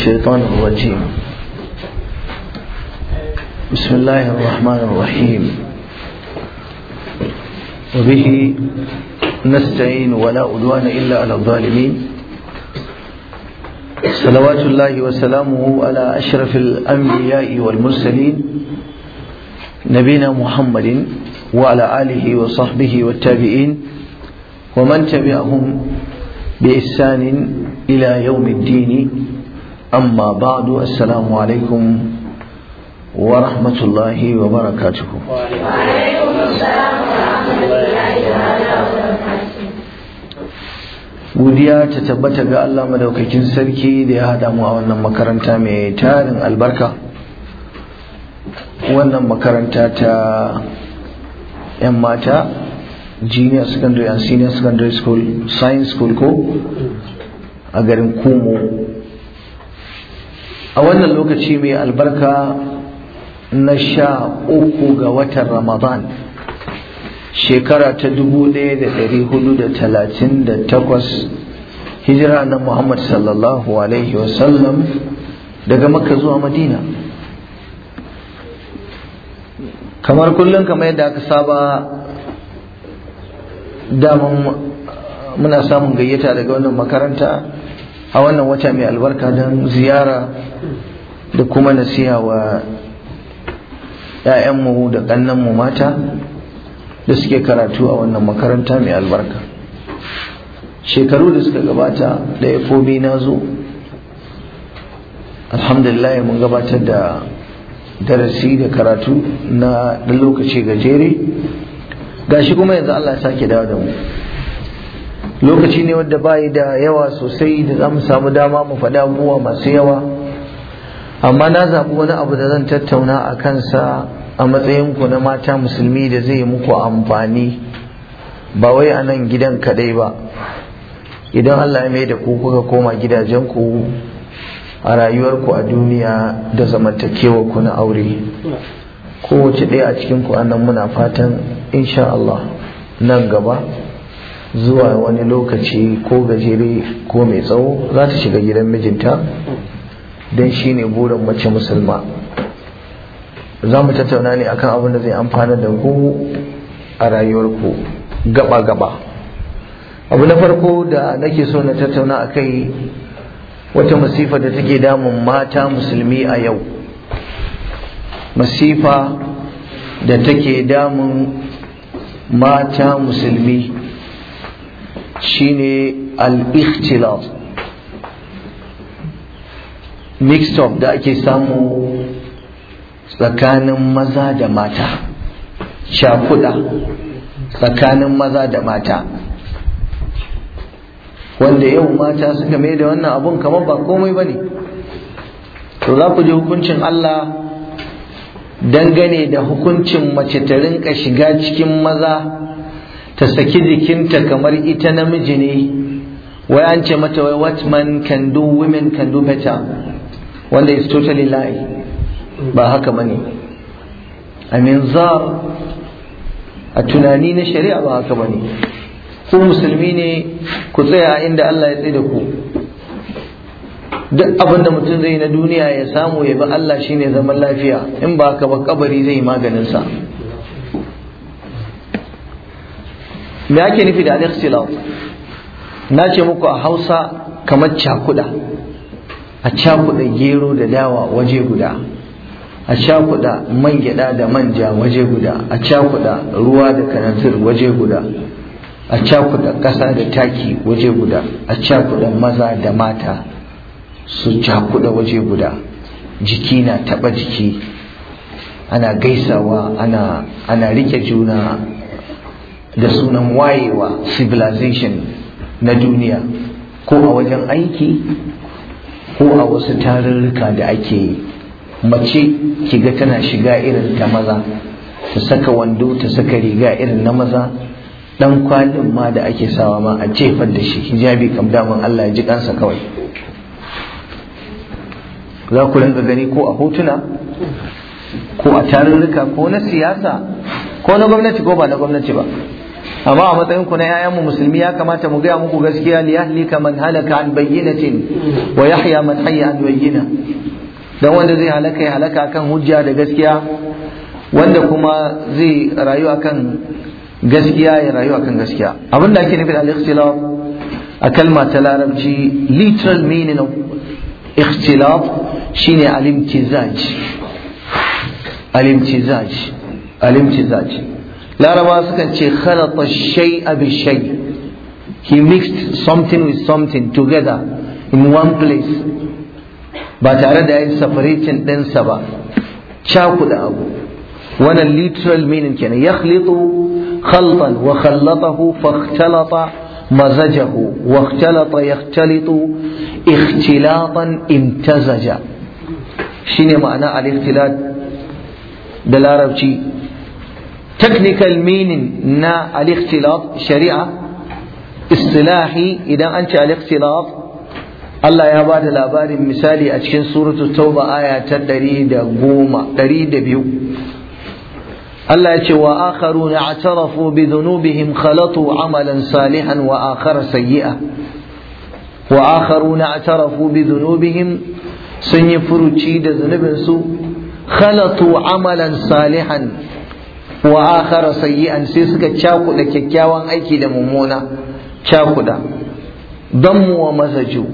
الشيطان الرجيم بسم الله الرحمن الرحيم وبه نستعين ولا عدوان إلا على الظالمين صلوات الله وسلامه على أشرف الأنبياء والمرسلين نبينا محمد وعلى آله وصحبه والتابعين ومن تبعهم بإحسان إلى يوم الدين amma ba'du assalamu alaikum wa rahmatullahi wa barakatuhu godiya ta tabbata ga Allah madaukakin sarki da ya haɗa mu a wannan makaranta mai tarin albarka wannan makaranta ta 'yan mata junior secondary and senior secondary school science school ko a garin kumo a wannan lokaci mai albarka na sha uku ga watan ramadan shekara ta dubu ɗaya da ɗari hudu da talatin da takwas hijira na muhammad sallallahu alaihi wasallam daga makka zuwa madina kamar kullum kamar yadda aka saba daman muna samun gayyata daga wannan makaranta a wannan wata mai albarka don ziyara da kuma nasiha wa 'ya'yanmu da ƙannanmu mata da suke karatu a wannan makaranta mai albarka shekaru da suka gabata da ya biyu na zo alhamdulillah mun gabatar da darasi da karatu na lokaci gajere gashi kuma yanzu Allah ya sake dawo da mu lokaci ne wadda bayi da yawa sosai da za mu samu dama mu faɗa abubuwa masu yawa amma na zaɓi wani abu da zan tattauna a kansa a matsayinku na mata musulmi da zai muku amfani ba wai a nan gidan kadai ba idan Allah ya mai da ku kuka koma gidajen ku a rayuwarku a duniya da ku na aure kowace ɗaya a cikinku a nan muna fatan insha Allah nan gaba zuwa wani lokaci ko gajere ko mai tsawo za ta shiga gidan mijinta don shi ne burin mace musulma za mu tattauna ne akan abin da zai amfana da ku a rayuwarku gaba-gaba abu na farko da nake so na tattauna a kai wata masifa da take damun mata musulmi a yau masifa da take damun mata musulmi shine al-ikhtilat mixed up da ake samu tsakanin maza da mata shakuda tsakanin maza da mata wanda yau mata suka mai da wannan abun kamar ba komai ba ne to za ku ji hukuncin Allah dangane da hukuncin mace ta rinka shiga cikin maza ta saki jikinta kamar ita namiji ne wai an ce mata wai what man can do women can do better wanda is totally lie ba haka bane amin zar a tunani na shari'a ba haka bane ku musulmi ne ku tsaya inda Allah ya tsaye da ku duk abin da mutum zai na duniya ya samu ya bi Allah shine zaman lafiya in ba haka ba kabari zai maganin sa me ake nufi da al na ce muku a Hausa kamar cakuda a cakuda gero da dawa waje guda a cakuda man gyada da manja waje guda a cakuda ruwa da kanatir waje guda a cakuda ƙasa da taki waje guda a cakuda maza da mata su cakuda waje guda jiki na taɓa jiki ana gaisawa ana, ana rike juna da sunan wayewa civilization na duniya ko a wajen aiki ko a wasu tarurruka da ake yi mace ga tana shiga irin ta maza ta saka wando ta saka riga irin na maza dan kwalin ma da ake sawa ma a cefar da shi hijabi kam daman Allah ya ji kansa kawai za ku rinka gani ko a hotuna ko a tarurruka ko na siyasa ko na gwamnati ko ba na gwamnati ba amma a matsayin ku na 'ya'yan mu musulmi ya kamata mu gaya muku gaskiya li yahlika man halaka an bayyinatin wa yahya man hayya an bayyina dan wanda zai halaka ya halaka akan hujja da gaskiya wanda kuma zai rayu akan gaskiya ya rayu akan gaskiya abin da ake nufi da al-ikhtilaf a kalma ta larabci literal meaning of ikhtilaf shine al-imtizaj al-imtizaj al-imtizaj laraba sukan ce khalata shay'a bi he mixed something with something together in one place ba tare da yayin separating ɗinsa ba cakuɗa abu wannan literal meaning kenan ya khalitu khaltan wa khallatahu fakhtalata mazajahu wa khtalata yakhtalitu ikhtilatan imtazaja shine ma'ana al-ikhtilat da larabci technical meaning na al-ikhtilaf shari'a istilahi idan an ce al-ikhtilaf Allah ya ba da labarin misali a cikin suratu tauba aya ta ɗari da goma ɗari da biyu Allah ya ce wa akharu na atarafu bi dhunubihim khalatu amalan salihan wa akhara sayyi'a wa akharu na atarafu bi dhunubihim sun yi furuci da zunubinsu khalatu amalan salihan wa akhara sayyi'an sai suka cakuɗa kyakkyawan aiki da mummuna Don mu wa mazaju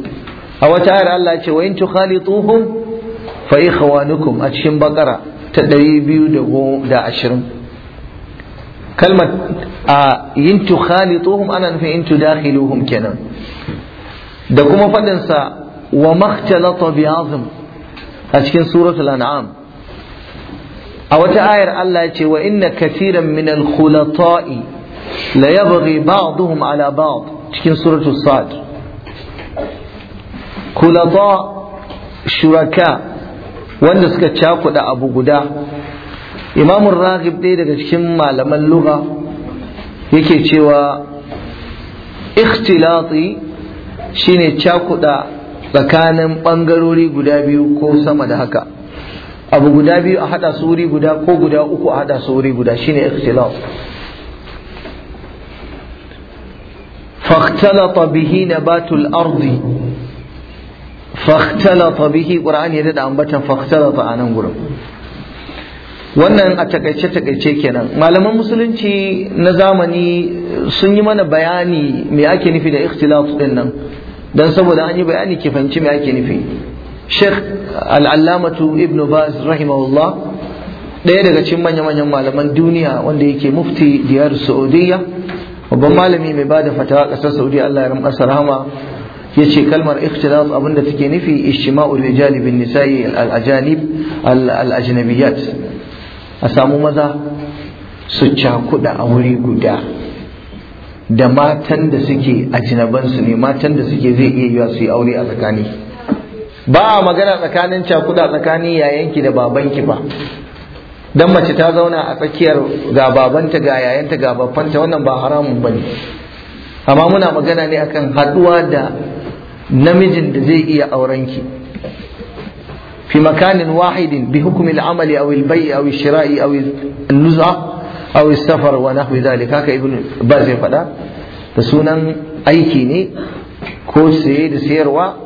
a wata ayar Allah ce wa in tukhalituhum fa ikhwanukum a cikin bakara ta 220 kalmar a yin tukhalituhum ana nufin in tudakhiluhum kenan da kuma fadin sa wa makhtalata bi a cikin suratul an'am a wata ayar Allah ya ce wa inna kathiran min al-khulata'i la yabghi ba'dhum ala ba'd cikin suratu sad khulata shuraka wanda suka cakuda abu guda imamun raghib ɗaya daga cikin malaman lugha yake cewa ikhtilati shine cakuda tsakanin ɓangarori guda biyu ko sama da haka abu guda biyu a hada su wuri guda ko guda uku a hada su wuri guda shine ikhtilaf فاختلط به نبات الأرض فاختلط به ya dada ambatan بطن فاختلط anan gurin. wannan a takaice-takaice kenan malaman musulunci na zamani sun yi mana bayani me ake nufi da ikhtilaf din nan don saboda an yi bayani ke fanci me ake nufi Sheikh al'allamatu Ibn Baz rahimahullah ɗaya daga cikin manya-manyan malaman duniya wanda yake mufti diyar Saudiya babban malami mai bada fatawa ƙasar Saudiya Allah ya rama rahama ya ce kalmar ikhtilaf abinda take nufi ishtima'ul rijali bin nisa'i al-ajanib al-ajnabiyat a samu maza su cakuda a wuri guda da matan da suke ajinabansu ne matan da suke zai iya yiwa su aure a tsakani ba a magana tsakanin cakuda tsakanin yayanki da babanki ba dan mace ta zauna a tsakiyar ga babanta ga yayanta ga babanta wannan ba haramun bane amma muna magana ne akan haduwa da namijin da zai iya aurenki fi makanin wahidin bi hukumi al'amali amali aw al a aw al-shira'i aw al-nuz'a aw al-safar wa nahwi dhalik haka ibn ba zai fada da sunan aiki ne ko saye da sayarwa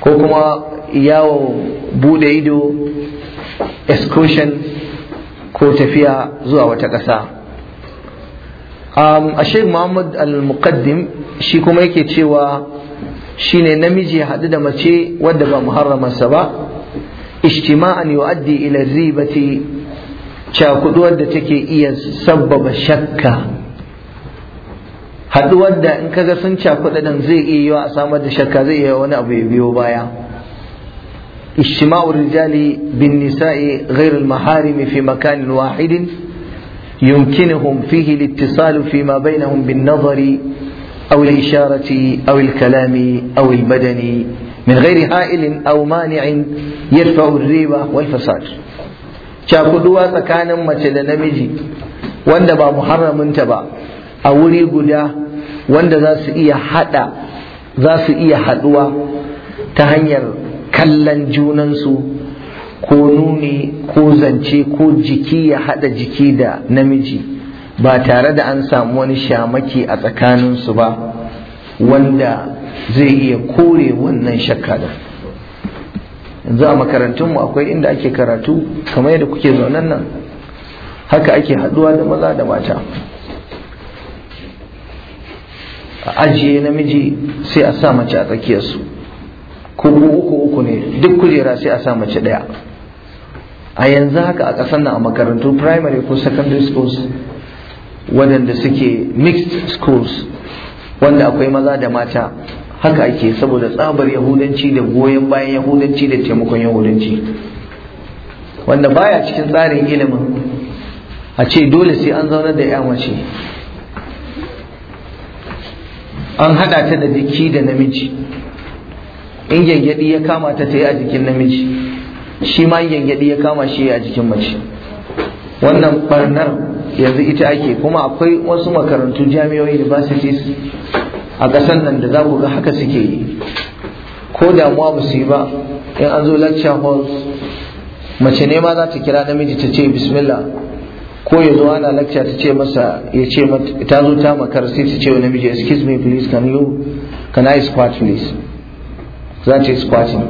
ko kuma yawon bude ido excursion ko tafiya zuwa wata ƙasa um, a muhammad al-muqaddim shi kuma yake cewa shine namiji haɗu da mace wadda ba muharramarsa ba ijtima'an yu'addi ila ribati cakuduwar da take iya sabbaba shakka haɗuwar da in kaga sun cakuɗa ɗin zai iya yiwa a samar da shakka zai iya wani abu ya biyo baya ijtima'u rijali bin nisa'i ghayr al maharim fi makanin wahidin يمكنهم فيه الاتصال فيما بينهم بالنظر أو الإشارة أو الكلام أو البدن من غير هائل أو مانع يرفع الريبة tsakanin mace da namiji wanda ba muharramin ta ba a wuri guda wanda za su iya hada za su iya haɗuwa ta hanyar kallon junansu ko nuni ko zance ko jiki ya haɗa jiki da namiji ba tare da an samu wani shamaki a tsakaninsu ba wanda zai iya kore wannan shakka da yanzu a makarantunmu akwai inda ake karatu kamar yadda kuke zaunan nan haka ake haɗuwa da maza da mata a ajiye namiji sai a sa mace a tsakiyarsu ko uku uku ne duk kujera sai a sa mace ɗaya a yanzu haka a ƙasar na a makarantu primary ko secondary schools waɗanda suke mixed schools wanda akwai maza da mata haka ake saboda tsabar yahudanci da goyon bayan yahudanci da taimakon yahudanci wanda baya cikin tsarin ilimin a ce dole sai an zaunar da ya mace an haɗa ta da jiki da namiji in gyangyaɗi ya kama ta ta yi a jikin namiji shi ma gyangyaɗi ya kama shi a jikin mace wannan barnar yanzu ita ake kuma akwai wasu makarantu jami'o'i universities a ƙasar nan da za ku ga haka suke yi ko damuwa ba yi ba in an zo lecture halls mace ne ma za ta kira namiji ta ce bismillah ko ya zo ana lecture ta ce masa ya ce ta zo ta makar sai ta ce wa namiji excuse me please can you can I squat please za ta yi squatting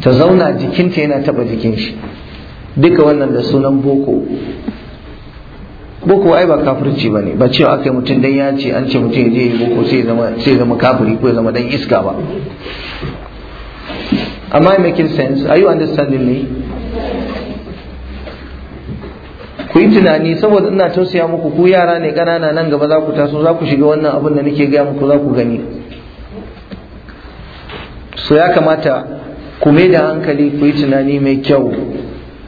ta zauna jikinta yana taba jikin shi duka wannan da sunan boko boko ai ba kafirci ne ba cewa aka yi mutum dan ya ce an ce mutum ya je yi boko sai zama sai zama kafiri ko ya zama dan iska ba am I making sense are you understanding me ku yi tunani saboda ina tausaya muku ku yara ne ƙanana nan gaba za ku taso za ku shiga wannan abin da nake gaya muku za ku gani so ya kamata ku mai da hankali ku yi tunani mai kyau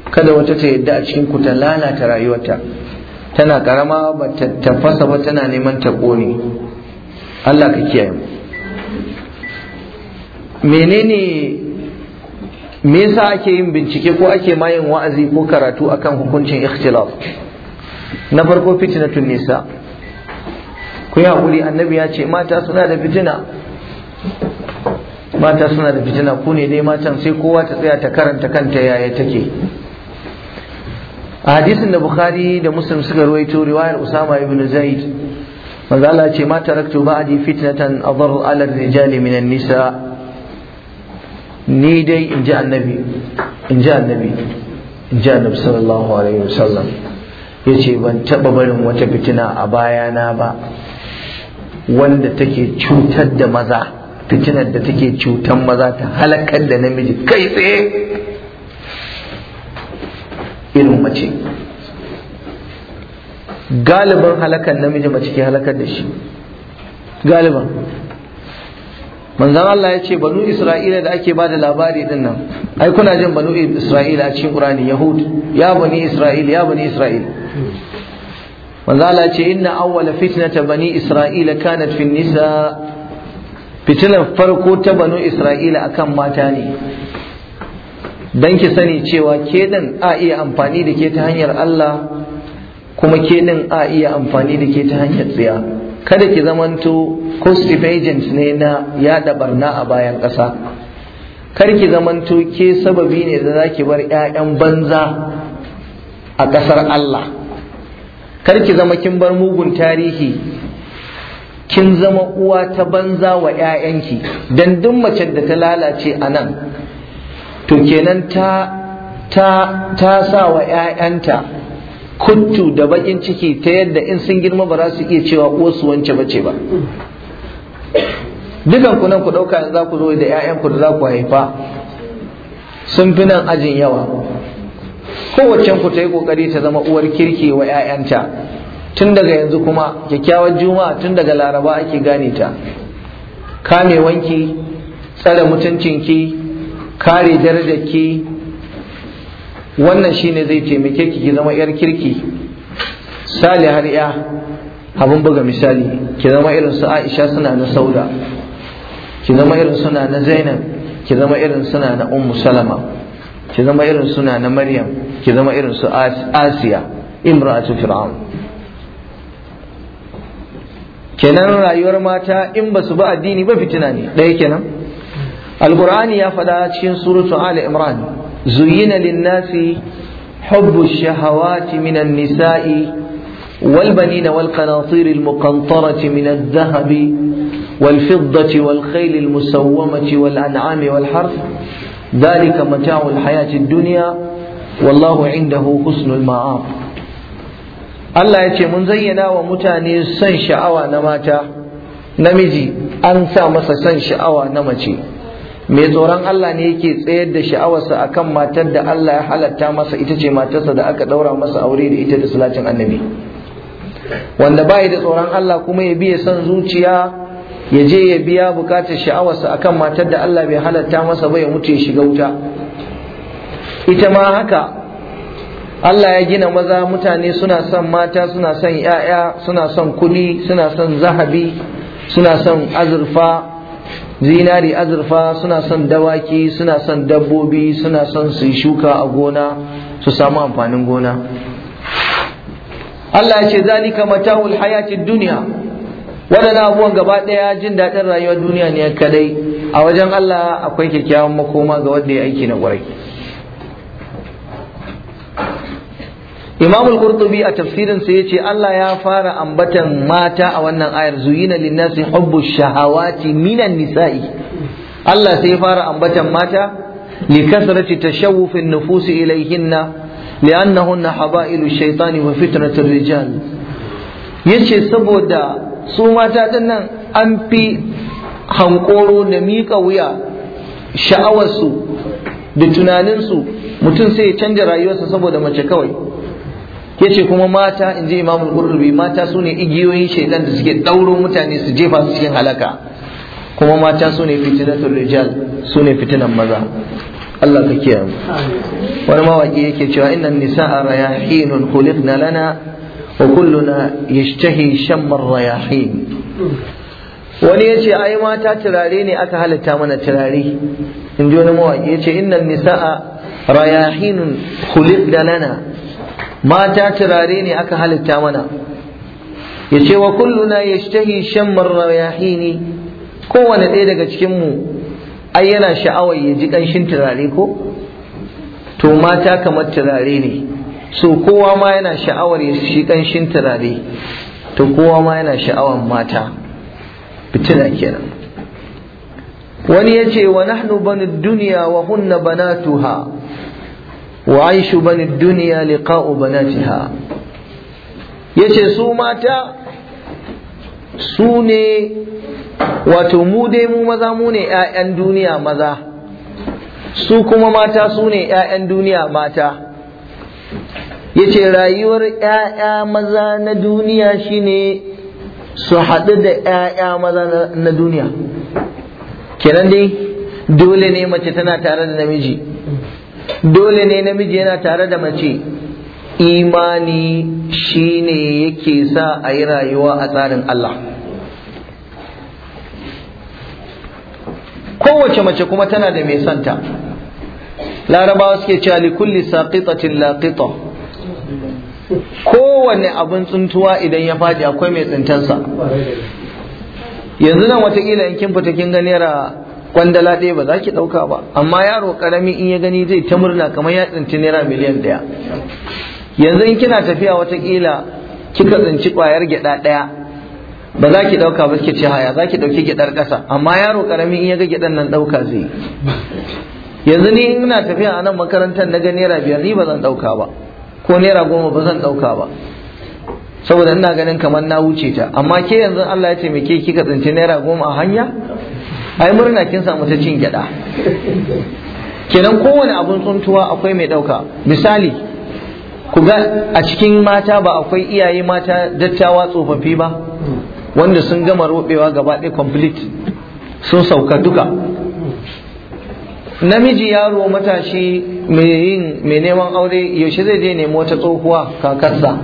kada wata ta yadda a cikin ku ta lalata rayuwarta tana karama ba ta tafasa ba tana neman ta ƙone Allah ka kiyaye menene me yasa ake yin bincike ko ake ma yin wa'azi ko karatu akan hukuncin ikhtilaf na farko fitnatun nisa ku yi hakuri annabi ya ce mata suna da fitina mata suna da fitina ku ne dai matan sai kowa ta tsaya ta karanta kanta yaya take a hadisin da bukhari da muslim suka ruwaito riwayar usama ibn zaid manzo Allah ce mata raktu ba'di fitnatan adar ala rijali minan nisa ni dai in ji annabi in ji annabi in ji annabi sallallahu alaihi wasallam ya ce ban taɓa barin wata fitina a bayana ba wanda take cutar da maza fitinar da take cutar maza ta halakar da namiji kai tsaye irin mace galiban halakar namiji mace ke halakar da shi galiban manzan Allah ya ce banu isra'ila da ake bada labari din nan ai kuna jin banu isra'ila a cikin qur'ani yahud ya bani isra'il ya bani isra'il manzan Allah ya ce inna awwala fitnata bani isra'ila kanat fi nisa fitinar farko ta banu isra'ila akan mata ne dan ki sani cewa ke din a iya amfani da ke ta hanyar Allah kuma ke din a iya amfani da ke ta hanyar tsiya kada ki zamanto costive agent ne na yada barna a bayan ƙasa kar ki zamanto ke sababi ne da ki bar 'ya'yan banza a ƙasar Allah kar ki zama kin bar mugun tarihi kin zama uwa ta banza wa 'ya'yanki don duk mace da ta lalace a nan to kenan ta ta ta sa wa 'ya'yanta kuntu da bakin ciki ta yadda in sun girma ba za su iya cewa uwarsu wance bace ba dukan ku nan ku dauka yanzu za ku zo da ƴaƴan ku da za ku haifa sun fi nan ajin yawa Kowace ku ta yi kokari ta zama uwar kirki wa ƴaƴanta tun daga yanzu kuma kyakkyawar juma'a tun daga laraba ake gane ta kame wanki tsare mutuncinki kare darajarki wannan shine zai taimake ki ki zama yar kirki har ya abin buga misali ki zama irin su Aisha suna na Sauda ki zama irin suna na Zainab ki zama irin suna na Ummu Salama ki zama irin suna na Maryam ki zama irin su Asiya imra'atu fir'aun kenan rayuwar mata in ba su ba addini ba fitina ne ɗaya kenan alqur'ani ya faɗa cikin suratu ali imran زين للناس حب الشهوات من النساء والبنين والقناطير المقنطرة من الذهب والفضة والخيل المسومة والأنعام والحرث ذلك متاع الحياة الدنيا والله عنده حسن المعاب الله يتي من زينا ومتاني wa mutane son sha'awa na mata namiji mai tsoron Allah ne yake tsayar da sha'awarsa akan matar da Allah ya halatta masa ita ce matarsa da aka daura masa aure da ita da salatin annabi wanda bai da tsoron Allah kuma ya biya son zuciya ya je ya biya bukatar sha'awarsa akan matar da Allah bai halatta masa ba ya mutu ya shiga wuta ita ma haka Allah ya gina maza mutane suna son mata suna son ‘ya'ya suna son kuɗi suna son zahabi suna son azurfa zinari azurfa suna son dawaki suna son dabbobi suna son su shuka a gona su samu amfanin gona Allah ya ce zalika mata'ul hayatid dunya wadannan abubuwan gaba daya jin daɗin rayuwar duniya ne kadai a wajen Allah akwai kyakkyawan makoma ga wanda ya aiki na ƙwarai imamul al-Qurtubi a tafsirin sa yace Allah ya fara ambatan mata a wannan ayar zuyina lin hubbu shahawati minan nisa'i Allah sai ya fara ambatan mata li kasrati tashawufin nufusi ilayhinna li'annahunna habailu shaytani wa fitnatur rijal yace saboda su mata din nan an fi hankoro na mika wuya sha'awarsu da tunaninsu mutum sai ya canja rayuwarsa saboda mace kawai yace kuma mata in ji imamul qurtubi mata su ne igiyoyin shaidan da suke dauro mutane su jefa su cikin halaka kuma mata su ne fitinatul rijal su ne fitinan maza Allah ka kiyaye wani mawaki yake cewa innan nisa'a rayahinun khuliqna lana wa kulluna yashtahi shammar rayahin wani ya ce ai mata turare ne aka halitta mana turare in ji wani mawaki ya ce innan nisa'a rayahinun khuliqna lana mata turare ne aka halitta mana ya ce wa kulluna ya shtahi shammar rayahini kowane ɗaya daga cikinmu ai yana sha'awar ya ji ƙanshin turare ko to mata kamar turare ne so kowa ma yana sha'awar ya shi ƙanshin turare to kowa ma yana sha'awar mata kenan wani ya ce wa nahnu banu duniya wa hunna banatuha وعيش بني الدنيا لقاء بناتها yace su mata su ne wato mu dai mu maza mu ne 'ya'yan duniya maza su kuma mata su ne 'ya'yan duniya mata yace rayuwar 'ya'ya maza na duniya shine su haɗu da 'ya'ya maza na duniya kenan dai dole ne mace tana tare da namiji dole ne namiji yana tare da mace imani shine yake sa a yi rayuwa a tsarin Allah kowace mace kuma tana da mai santa larabawa suke cewa likulli saqitatin laqita kowanne abin tsuntuwa idan ya faɗi akwai mai tsintansa. yanzu nan watakila in kin fita kin ga naira kwandala ɗaya ba za ki ɗauka ba amma yaro ƙarami in ya gani zai ta murna kamar ya tsinci naira miliyan ɗaya yanzu in kina tafiya watakila kika tsinci ƙwayar gyaɗa ɗaya ba za ki ɗauka ba ki ce haya za ki ɗauki gyaɗar ƙasa amma yaro ƙarami in ya ga gyaɗan nan ɗauka zai yanzu ni in ina tafiya a nan makarantar na ga naira biyar ni ba zan ɗauka ba ko naira goma ba zan ɗauka ba saboda ina ganin kamar na wuce ta amma ke yanzu Allah ya ce me ke kika tsinci naira goma a hanya ai murna kin samu ta cin gyada kenan kowane abun tsuntuwa akwai mai dauka misali ku ga a cikin mata ba akwai iyaye mata dattawa tsofaffi ba wanda sun gama robewa gaba ɗaya complete sun sauka duka namiji yaro matashi mai neman aure yaushe zai je nemo ta tsohuwa kakarsa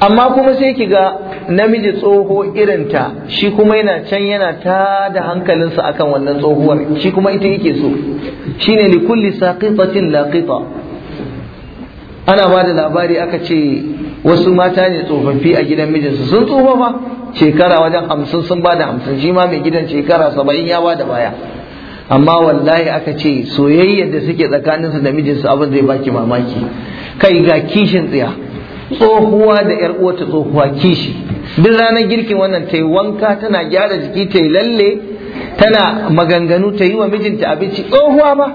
amma kuma sai ki ga namiji tsoho irin ta shi kuma yana can yana ta da hankalinsa akan wannan tsohuwar shi kuma ita yake so shine li kulli saqitatin laqita ana ba da labari aka ce wasu mata ne tsofaffi a gidan mijinsu sun tsufa fa shekara wajen hamsin sun ba da hamsin shi ma mai gidan shekara saba'in ya ba da baya amma wallahi aka ce soyayyar da suke tsakaninsu da mijinsu abin zai baki mamaki kai ga kishin tsiya tsohuwa da 'yar ta tsohuwa kishi duk ranar girkin wannan ta yi wanka tana gyara jiki ta yi lalle tana maganganu ta yi wa mijinta abinci tsohuwa ba.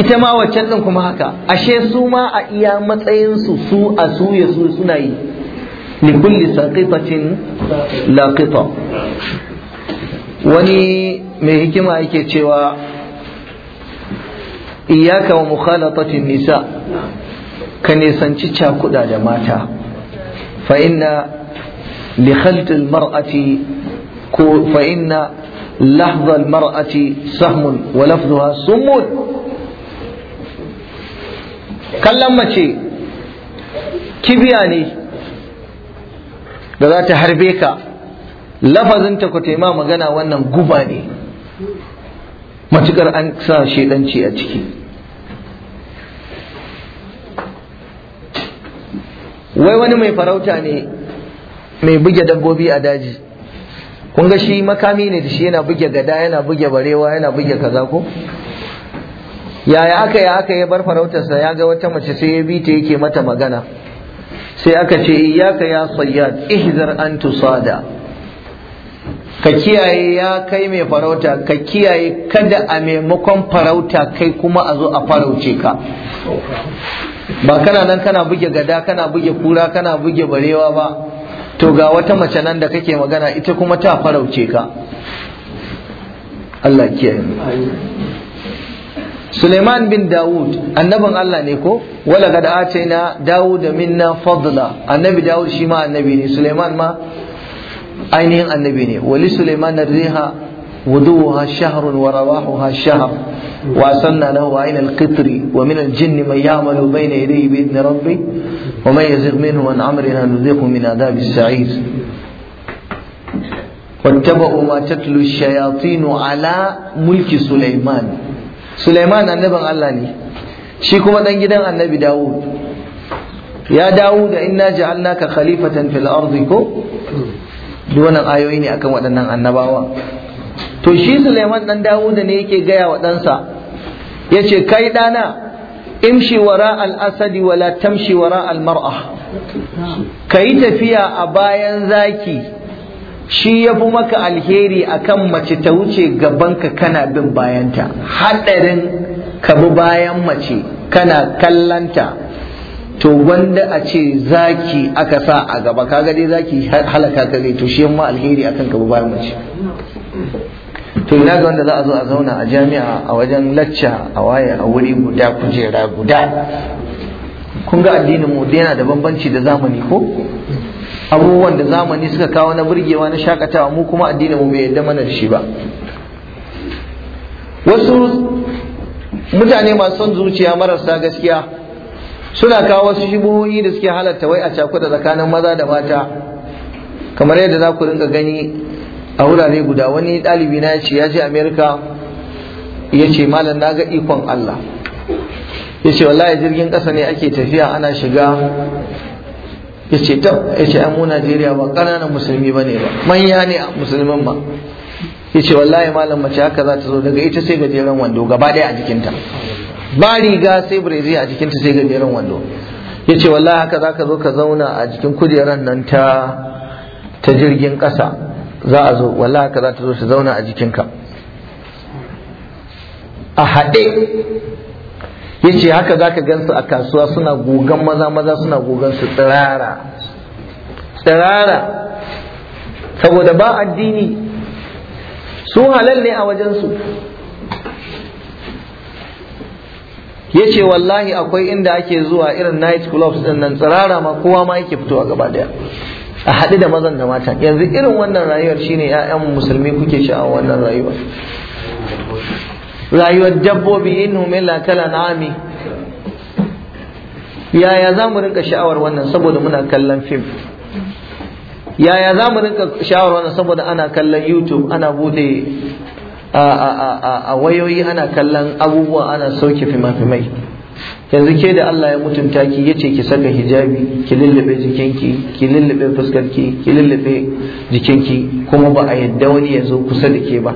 ita ma waccan ɗin kuma haka ashe su ma a iya matsayinsu su a su su suna yi Ni kulli saqifatin laqita wani mai hikima yake cewa iyaka wa mukhalatatin nisa ka nisanci cakuda da mata fa inna لخلد المرأة فإن لحظ المرأة سهم ولفظها سم kallon mace kibiya ne da za ta harbe ka lafazinta ku taima magana wannan guba ne matukar an sa shedanci a ciki wai wani mai farauta ne mai buge dabbobi a daji kun ga shi makami ne da shi yana buge gada yana buge barewa yana buge kaza ko yaya aka ya aka ya bar farautarsa ya ga wata mace sai ya bi ta yake mata magana sai aka ce iyaka ya sayyad ihzar an tusada ka kiyaye ya kai mai farauta ka kiyaye kada a maimakon farauta kai kuma a zo a farauce ka ba kana nan kana buge gada kana buge kura kana buge barewa ba to ga wata mace nan da kake magana ita kuma ta farauce ka Allah Suleiman bin Dawud annabin Allah ne ko wala ce na Dawud minna fadla annabi Dawud shi ma annabi ne Suleiman ma ainihin annabi ne wali Suleiman riha wuduha shahrun wa shahr Wasan na da wayan alƙasari wa min aljin ne mai yawani bai ne da yi bai ne rabbi wanne amarin na zai kuma za a bisa a yi. Wani taba'u ma tet lushe ya ala ne. Shi kuma ɗan gidan annabi dawo. Ya dawo ga ina je Allah na kakalifatan filawamu zai ayoyi ne akan waɗannan annabawa. To shi Suleiman dan dawo ne yake gaya wa yace kai dana imshi wara al-asadi wala tamshi wara al-mar'a kai tafiya a bayan zaki shi ya fi maka alheri akan mace ta wuce gabanka kana bin bayanta haɗarin ka bi bayan mace kana kallanta to wanda a ce zaki aka sa a gaba kaga dai zaki halaka ka zai to shi yamma alheri akan ka bayan mace to ina ga wanda za a zo a zauna a jami'a a wajen lacca a waye a wuri guda kujera guda kun ga addinin mu yana da bambanci da zamani ko abubuwan da zamani suka kawo na burgewa na shakatawa mu kuma addinin mu bai yadda mana da shi ba wasu mutane masu son zuciya marasa gaskiya suna kawo wasu shibohoyi da suke halatta wai a cakuda tsakanin maza da mata kamar yadda za ku rinka gani a wurare guda wani ɗalibi na ce ya je amerika ya ce malam na ga ikon allah ya ce wallahi jirgin ƙasa ne ake tafiya ana shiga ya ce ta ya ce mu najeriya ba ƙananan musulmi ba ne ba manya ne a musulmin ba ya ce wallahi malam mace haka za ta zo daga ita sai gajeren wando gaba ɗaya a jikinta ba riga sai brezi a jikinta sai gajeren wando ya ce wallahi haka za ka zo ka zauna a jikin kujerar nan ta ta jirgin ƙasa za a zo wallahi ka za ta zo su zauna a jikinka a haɗe yace haka za ka gansu a kasuwa suna gogan maza maza suna gogan su tsirara tsirara saboda ba addini su halal ne a wajensu ya ce wallahi akwai inda ake zuwa irin night clubs din nan tsirara ma kowa ma yake fitowa gaba daya a haɗu da mazan da mata, yanzu irin wannan rayuwar shine ƴaƴan musulmi kuke sha wannan rayuwar rayuwar dabbobi in humila kala na'ami yaya za mu rinka sha'awar wannan saboda muna kallon fim yaya za mu rinka sha'awar wannan saboda ana kallon youtube ana bude a wayoyi ana kallon abubuwa ana sauke fima-fimai yanzu ke da Allah ya mutunta ki yace ki saka hijabi ki lullube jikinki ki lullube fuskarki ki lullube jikinki kuma ba a yadda wani ya zo kusa da ke ba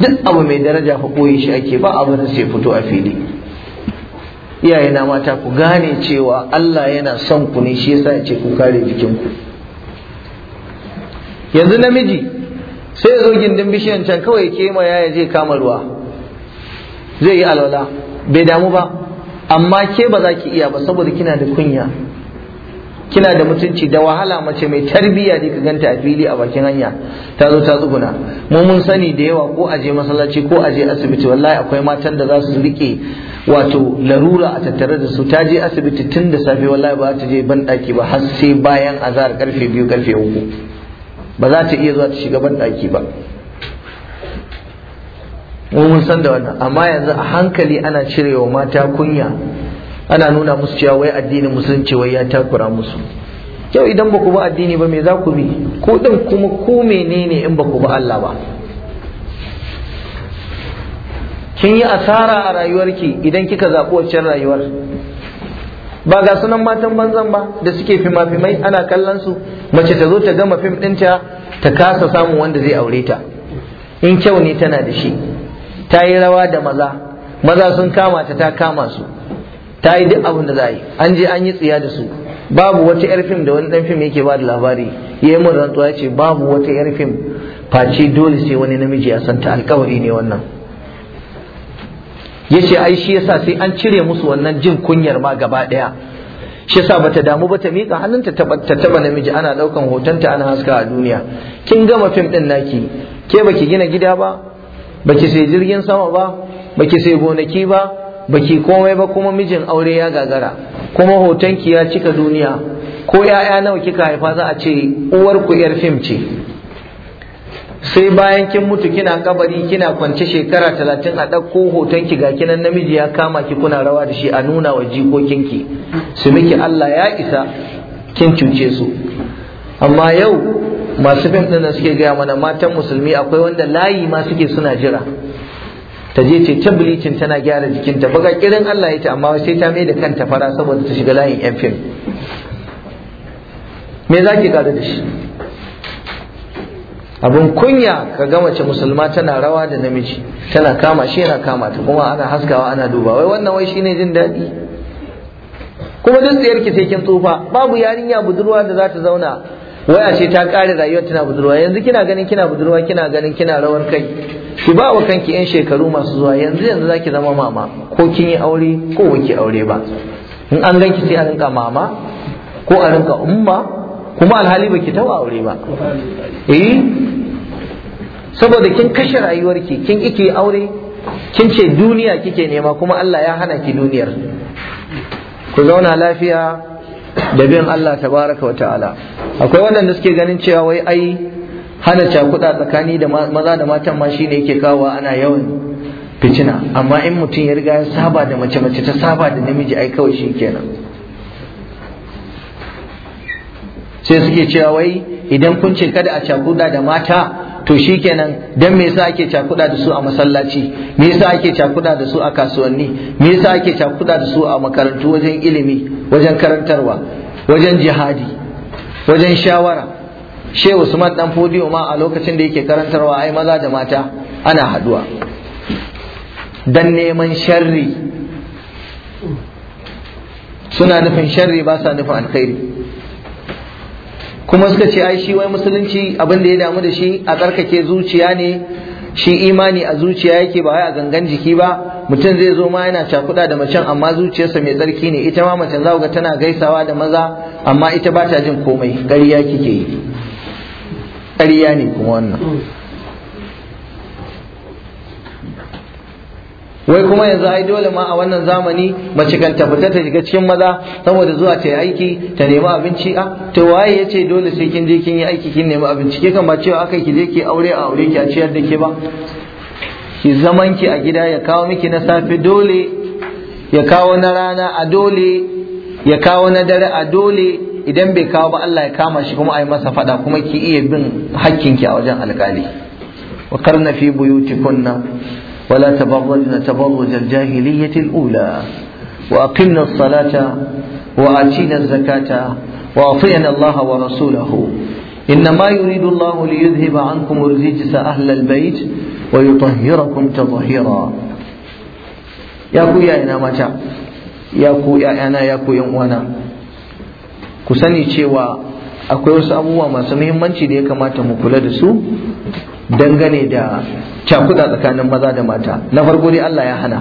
duk abu mai daraja fa koyi shi ake ba abu da sai fito a fili iyayena mata ku gane cewa Allah yana son ku ne shi yasa ya ce ku kare jikinku yanzu namiji sai ya zo gindin bishiyan can kawai ke ma ya je kama ruwa zai yi alwala bai damu ba amma ke ba za ki iya ba saboda kina da kunya kina da mutunci da wahala mace mai tarbiyya ne ka ganta a fili a bakin hanya ta zo ta tsuguna mu mun sani da yawa ko aje masallaci ko aje asibiti wallahi akwai matan da za su rike wato larura a tattare da su ta je asibiti tun da safe wallahi ba ta je ban daki ba har sai bayan azhar karfe biyu karfe uku ba za ta iya zuwa ta shiga ban daki ba mu mun san da wannan amma yanzu a hankali ana cirewa mata kunya ana nuna musu cewa wai addinin musulunci wai ya takura musu yau idan ba ku ba addini ba me za ku bi ko din kuma ku menene in ba ku ba Allah ba kin yi asara a rayuwarki idan kika zaɓi waccan rayuwar ba ga sunan matan banzan ba da suke fima-fimai ana kallon su mace ta zo ta gama fim ɗinta ta kasa samun wanda zai aure ta in kyau ne tana da shi ta yi rawa da maza maza sun kama ta ta kama su ta yi duk abin da za yi an je an yi tsiya da su babu wata yar fim da wani dan fim yake ba da labari ya yi mun rantsuwa ce babu wata yar fim face dole sai wani namiji ya santa alkawari ne wannan ya ce ai shi yasa sai an cire musu wannan jin kunyar ma gaba ɗaya shi yasa bata damu bata mika miƙa hannunta ta taba namiji ana ɗaukan hotonta ana haska a duniya kin gama fim ɗin naki ke baki gina gida ba baki sai jirgin sama ba baki sai gonaki ba baki komai ba kuma mijin aure ya gagara kuma hotonki ya cika duniya ko ya'ya nawa kika haifa za a ce uwar ku yar fim ce sai bayan kin mutu kina kabari kina kwance shekara talatin a ɗauko hoton ki ga kinan namiji ya kama ki kuna rawa da shi a nuna wa ki su miki Allah ya isa kin cuce su amma yau masu fim ɗin suke gaya mana matan musulmi akwai wanda layi ma suke suna jira ta je ce ta bilicin tana gyara jikinta baga kirin Allah ya ta amma sai ta mai da kanta fara saboda ta shiga layin yan fim me za ki gada da shi abun kunya ka ga mace musulma tana rawa da namiji tana kama shi yana kama ta kuma ana haskawa ana duba wai wannan wai shine jin daɗi kuma duk tsayar ki sai kin tsufa babu yarinya budurwa da za ta zauna waya ce ta kare rayuwar tana budurwa yanzu kina ganin kina budurwa kina ganin kina rawar kai ki ba wa kanki yan shekaru masu zuwa yanzu yanzu zaki zama mama ko kin yi aure ko waki aure ba in an ganki sai a rinka mama ko a rinka umma kuma alhali ba ki taba aure ba eh saboda kin kashe rayuwarki kin kike aure kin ce duniya kike nema kuma Allah ya hana ki duniyar ku zauna lafiya da bin Allah tabaraka wa ta'ala akwai waɗanda suke ganin cewa wai ai hana cakuɗa tsakani da maza da matan ma shine yake kawo ana yawan fitina amma in mutum ya riga ya saba da mace mace ta saba da namiji ai kawai shi kenan sai suke cewa wai idan kun ce kada a cakuɗa da mata to shi shikenan dan me yasa ake cakuda da su a masallaci me yasa ake cakuda da su a kasuwanni me yasa ake cakuda da su a makarantu wajen ilimi wajen karantarwa wajen jihadi wajen shawara Shehu Usman dan Fodiyo ma a lokacin da yake karantarwa ai maza da mata ana haduwa dan neman sharri suna nufin sharri ba sa nufin alkhairi kuma suka ce ai shi wai musulunci abin da ya damu da shi a tsarkake zuciya ne shi imani a zuciya yake ba wai a gangan jiki ba mutum zai zo ma yana cakuda da macen amma zuciyarsa mai tsarki ne ita ma macen za ga tana gaisawa da maza amma ita ba ta jin komai ƙarya kike yi ƙarya ne kuma wannan wai kuma yanzu ai dole ma a wannan zamani mace kan tafita ta shiga cikin maza saboda zuwa ta yi aiki ta nemi abinci a to waye yace dole sai kin je kin yi aiki kin nemi abinci ke kan ba cewa aka ki je ki aure a aure ki a ciyar da ke ba ki zaman ki a gida ya kawo miki na safe dole ya kawo na rana a dole ya kawo na dare a dole idan bai kawo ba Allah ya kama shi kuma a yi masa fada kuma ki iya bin hakkinki a wajen alkali wa karna fi buyutikunna ولا تبرجن تبرج الجاهلية الأولى وأقمنا الصلاة وآتينا الزكاة وأطيعنا الله ورسوله إنما يريد الله ليذهب عنكم الرجس أهل البيت ويطهركم تطهيرا يا كو يا أنا متى يا كو يا أنا يا كو يوم وانا كسني شيوا akwai wasu abubuwa masu muhimmanci da ya kamata mu kula da su dangane da cakuda tsakanin maza da mata na farko dai Allah ya hana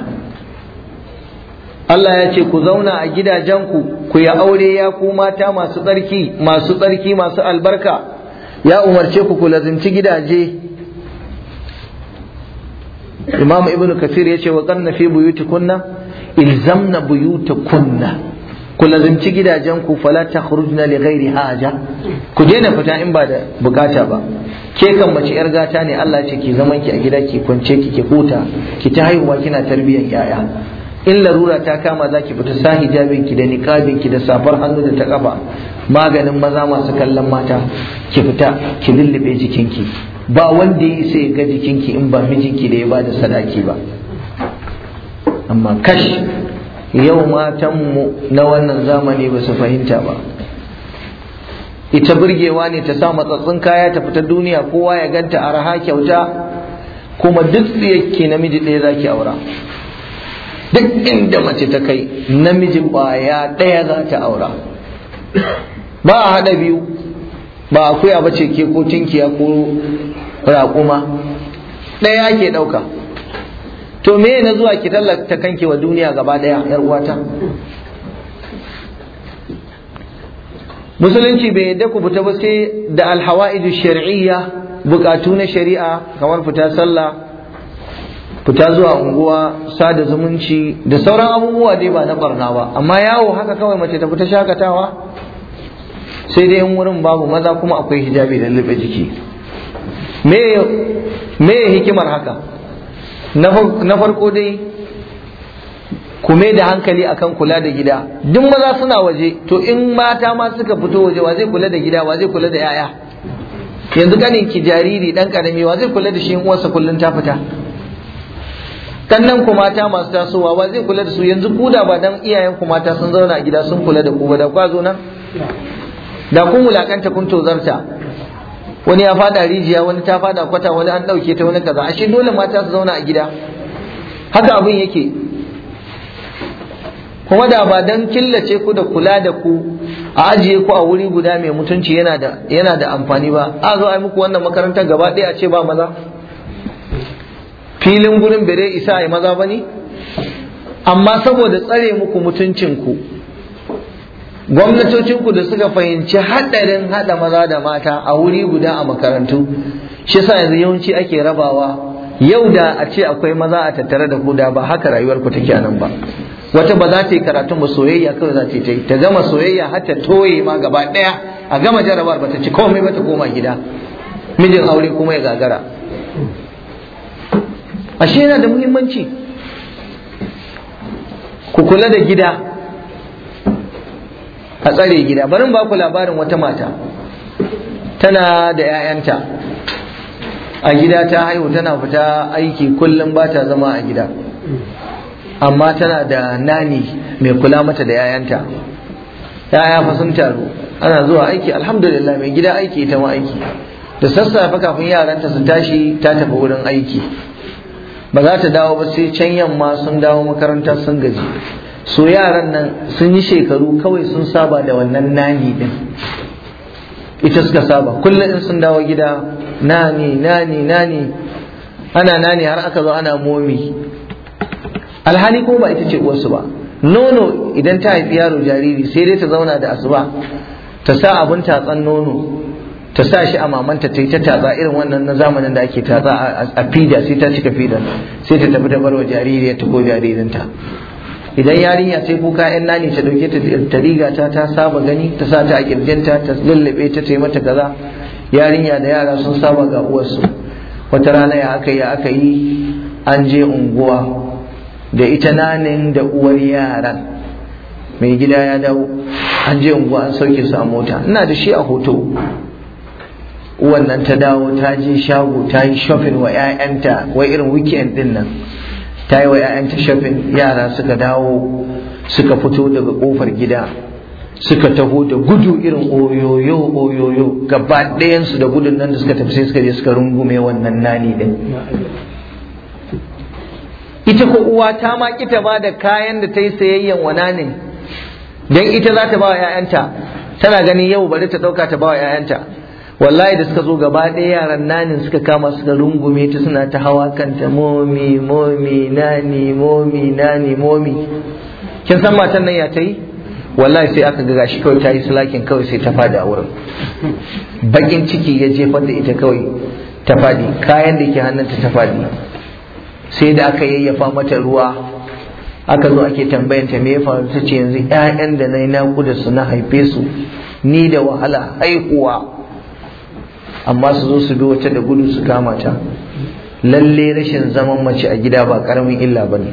Allah ya ce ku zauna a gidajenku ku ya aure ya ku mata masu tsarki masu tsarki masu albarka ya umarce ku ku lazimci gidaje Imam Ibn Kathir ya ce wa kanna fi buyutikunna ilzamna buyutakunna ku lazimci gidajen ku fala khurujna li ghairi haja ku daina fita in ba da bukata ba ke kan mace yar gata ne Allah ce ki zaman ki a gida ki kwance ki ki huta ki ta haihuwa kina tarbiyyar yaya in larura ta kama zaki fita sa hijabin ki da niqabin ki da safar hannu da ta kafa maganin maza masu kallon mata ki fita ki lullube jikinki ba wanda ya sai ga jikinki in ba mijinki da ya bada sadaki ba amma kash yau matanmu na wannan zamani ba su fahimta ba ita burgewa ne ta sa matsatsun kaya ta fita duniya kowa ya ganta arha kyauta kuma duk tsiyakki namiji ɗaya za ki aura duk inda mace ta kai namiji baya ɗaya za ta aura ba a haɗa biyu ba ba ce ke ko tinkiya ko raƙuma ɗaya ke ɗauka to me na zuwa ki tallata kanki wa duniya gaba daya yar uwata musulunci bai yadda ku fita ba sai da alhawa'idu shar'iyya bukatu na shari'a kamar fita sallah fita zuwa unguwa sada zumunci da sauran abubuwa dai ba na barna ba amma yawo haka kawai mace ta fita shakatawa sai dai in wurin babu maza kuma akwai hijabi da lulluɓe jiki me hikimar haka na farko dai ku mai da hankali akan kula da gida duk maza suna waje to in mata ma suka fito waje wa zai kula da gida wa zai kula da yaya yanzu ganin ki jariri dan karami wa zai kula da shi uwarsa kullun ta fita kannan ku mata masu tasowa wa zai kula da su yanzu ku da ba dan iyayen ku mata sun zauna a gida sun kula da ku ba da kwazo nan da kun wulakanta kun tozarta wani ya fada rijiya wani ta fada kwata wani an dauke ta wani kaza ashe dole mata su zauna a gida haka abin yake kuma da ba dan killace ku da kula da ku a ajiye ku a wuri guda mai mutunci yana da yana da amfani ba a zo ai muku wannan makarantar gaba ɗaya a ce ba maza filin gurin bere isa ai maza bane amma saboda tsare muku mutuncin ku gwamnatocinku da suka fahimci haɗarin haɗa maza da mata a wuri guda a makarantu shi sa yanzu yawanci ake rabawa yau da a ce akwai maza a tattare da ku ba haka rayuwar rayuwarku take nan ba wata ba za ta yi karatun ba soyayya kawai za ta yi ta gama soyayya har ta toye ma gaba ɗaya a gama jarabar ba ta ci komai ba ta koma gida mijin aure kuma ya gagara ashe yana da muhimmanci ku kula da gida a tsare gida barin baku labarin wata mata tana da 'ya'yanta a gida ta haihu tana fita aiki kullum ba ta zama a gida amma tana da nani mai kula mata da 'ya'yanta ya'ya fa sun taru ana zuwa aiki alhamdulillah mai gida aiki ita ma aiki da sassafe kafin yaranta su tashi ta tafi wurin aiki ba za ta dawo ba sai can yamma sun dawo makaranta sun gaji so yaran nan sun yi shekaru kawai sun saba da wannan nani din ita suka saba kullum in sun dawo gida nani nani nani ana nani har aka zo ana momi alhali kuma ba ita ce uwarsu ba nono idan ta haifi yaro jariri sai dai ta zauna da asuba ta sa abin tatsan nono ta sa shi a mamanta ta yi ta tatsa irin wannan na zamanin da ake tatsa a fida sai ta cika fidan sai ta tafi da barwa jaririyarta ko jaririnta idan yarinya sai kuka yan nani ta dauke ta ta riga ta ta saba gani ta sa ta a kirjinta ta lullube ta ta mata kaza yarinya da yara sun saba ga uwarsu wata rana ya aka yi aka yi an je unguwa da ita nanin da uwar yaran mai gida ya dawo an je unguwa an sauke su a mota ina da shi a hoto uwan nan ta dawo ta je shago ta yi shopping wa 'ya'yanta wai irin weekend din nan ta yi wa 'ya'yanta shafin yara suka dawo suka fito daga kofar gida suka taho da gudu irin oyoyo oyoyo gaba ɗayansu da gudun nan da suka tafi sai suka je suka rungume wannan nani din ita ko uwa ta ma kita ba da kayan da ta yi sayayyan wa nanin dan ita za ta ba wa 'ya'yanta tana ganin yau bari ta ɗauka ta ba wa 'ya'yanta wallahi da suka zo gaba ɗaya yaran nanin suka kama suka rungume ta suna ta hawa kanta momi momi nani momi nani momi kin san matan nan ya ta yi wallahi sai aka ga shi kawai ta yi sulakin kawai sai ta fada a wurin bakin ciki ya jefar da ita kawai ta fadi kayan da ke hannunta ta fadi sai da aka yayyafa mata ruwa aka zo ake tambayanta me ya faru ta ce yanzu 'ya'yan da na yi naƙuda su na haife su ni da wahala haihuwa amma su zo su bi wata da gudu su kama ta lalle rashin zaman mace a gida ba karamin illa ba ne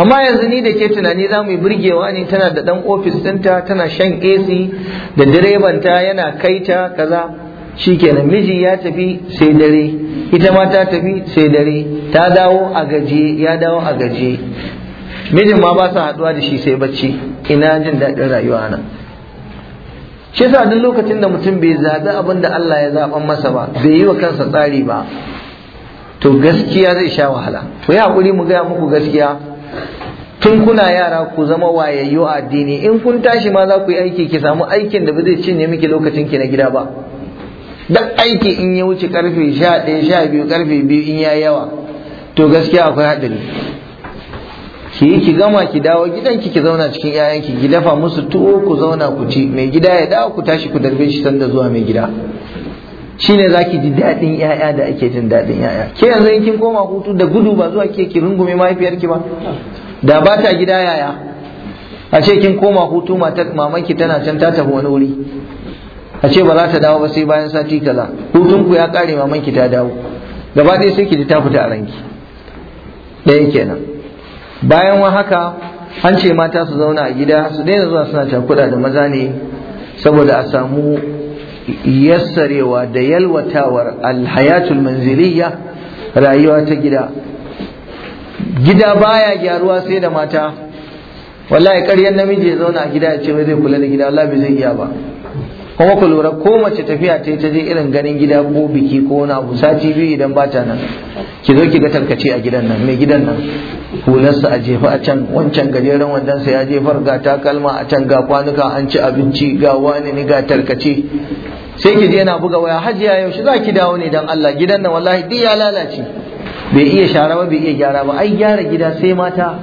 amma yanzu ni da ke tunani za mu yi burgewa ne tana da ɗan ofis ɗinta tana shan ac da direban ta yana kai ta kaza shikenan miji ya tafi sai dare ita ma ta tafi sai dare ta dawo a gaje ya dawo a gaje mijin ma ba sa haɗuwa da shi sai bacci ina jin daɗin rayuwa na. shi yasa duk lokacin da mutum bai zaɓi abin da Allah ya zaɓan masa ba bai yi wa kansa tsari ba to gaskiya zai sha wahala ku yi haƙuri mu gaya muku gaskiya tun kuna yara ku zama wayayyo a addini in kun tashi ma za ku yi aiki ki samu aikin da ba zai cinye miki lokacin ki na gida ba duk aiki in ya wuce karfe sha ɗaya sha biyu karfe biyu in ya yawa to gaskiya akwai haɗari ki yi ki gama ki dawo gidanki ki zauna cikin yayanki ki dafa musu tuwo ku zauna ku ci mai gida ya dawo ku tashi ku darbe shi sanda zuwa mai gida shine zaki ji daɗin yaya da ake jin daɗin yaya ke yanzu in kin koma hutu da gudu ba zuwa ke ki rungume mahaifiyarki ba da ba ta gida yaya a ce kin koma hutu matar mamanki tana can ta tafi wani wuri a ce ba za ta dawo ba sai bayan sati kaza hutunku ya kare mamanki ta dawo gaba ɗaya sai ki ji ta fita a ranki ɗaya kenan bayan wa haka an ce mata su zauna a gida su daina zuwa suna kuɗa da maza ne saboda a samu yassarewa da yalwatawar alhayatul manziliya rayuwa ta gida gida baya gyaruwa sai da mata wallahi ƙaryar namiji ya zauna a gida ya ce zai kula da gida wallahi bai zai iya ba kuma ku lura ko mace tafiya ta ta je irin ganin gida ko biki ko wani abu sati biyu idan ba ta nan ki zo ki ga tarkace a gidan nan mai gidan nan hularsa a jefa a can wancan gajeren wandan sa ya jefar ga takalma a can ga kwanuka an ci abinci ga wani ne ga tarkace sai ki je yana buga waya hajiya yaushe za ki dawo ne dan Allah gidan nan wallahi duk ya lalace bai iya shara ba bai iya gyara ba ai gyara gida sai mata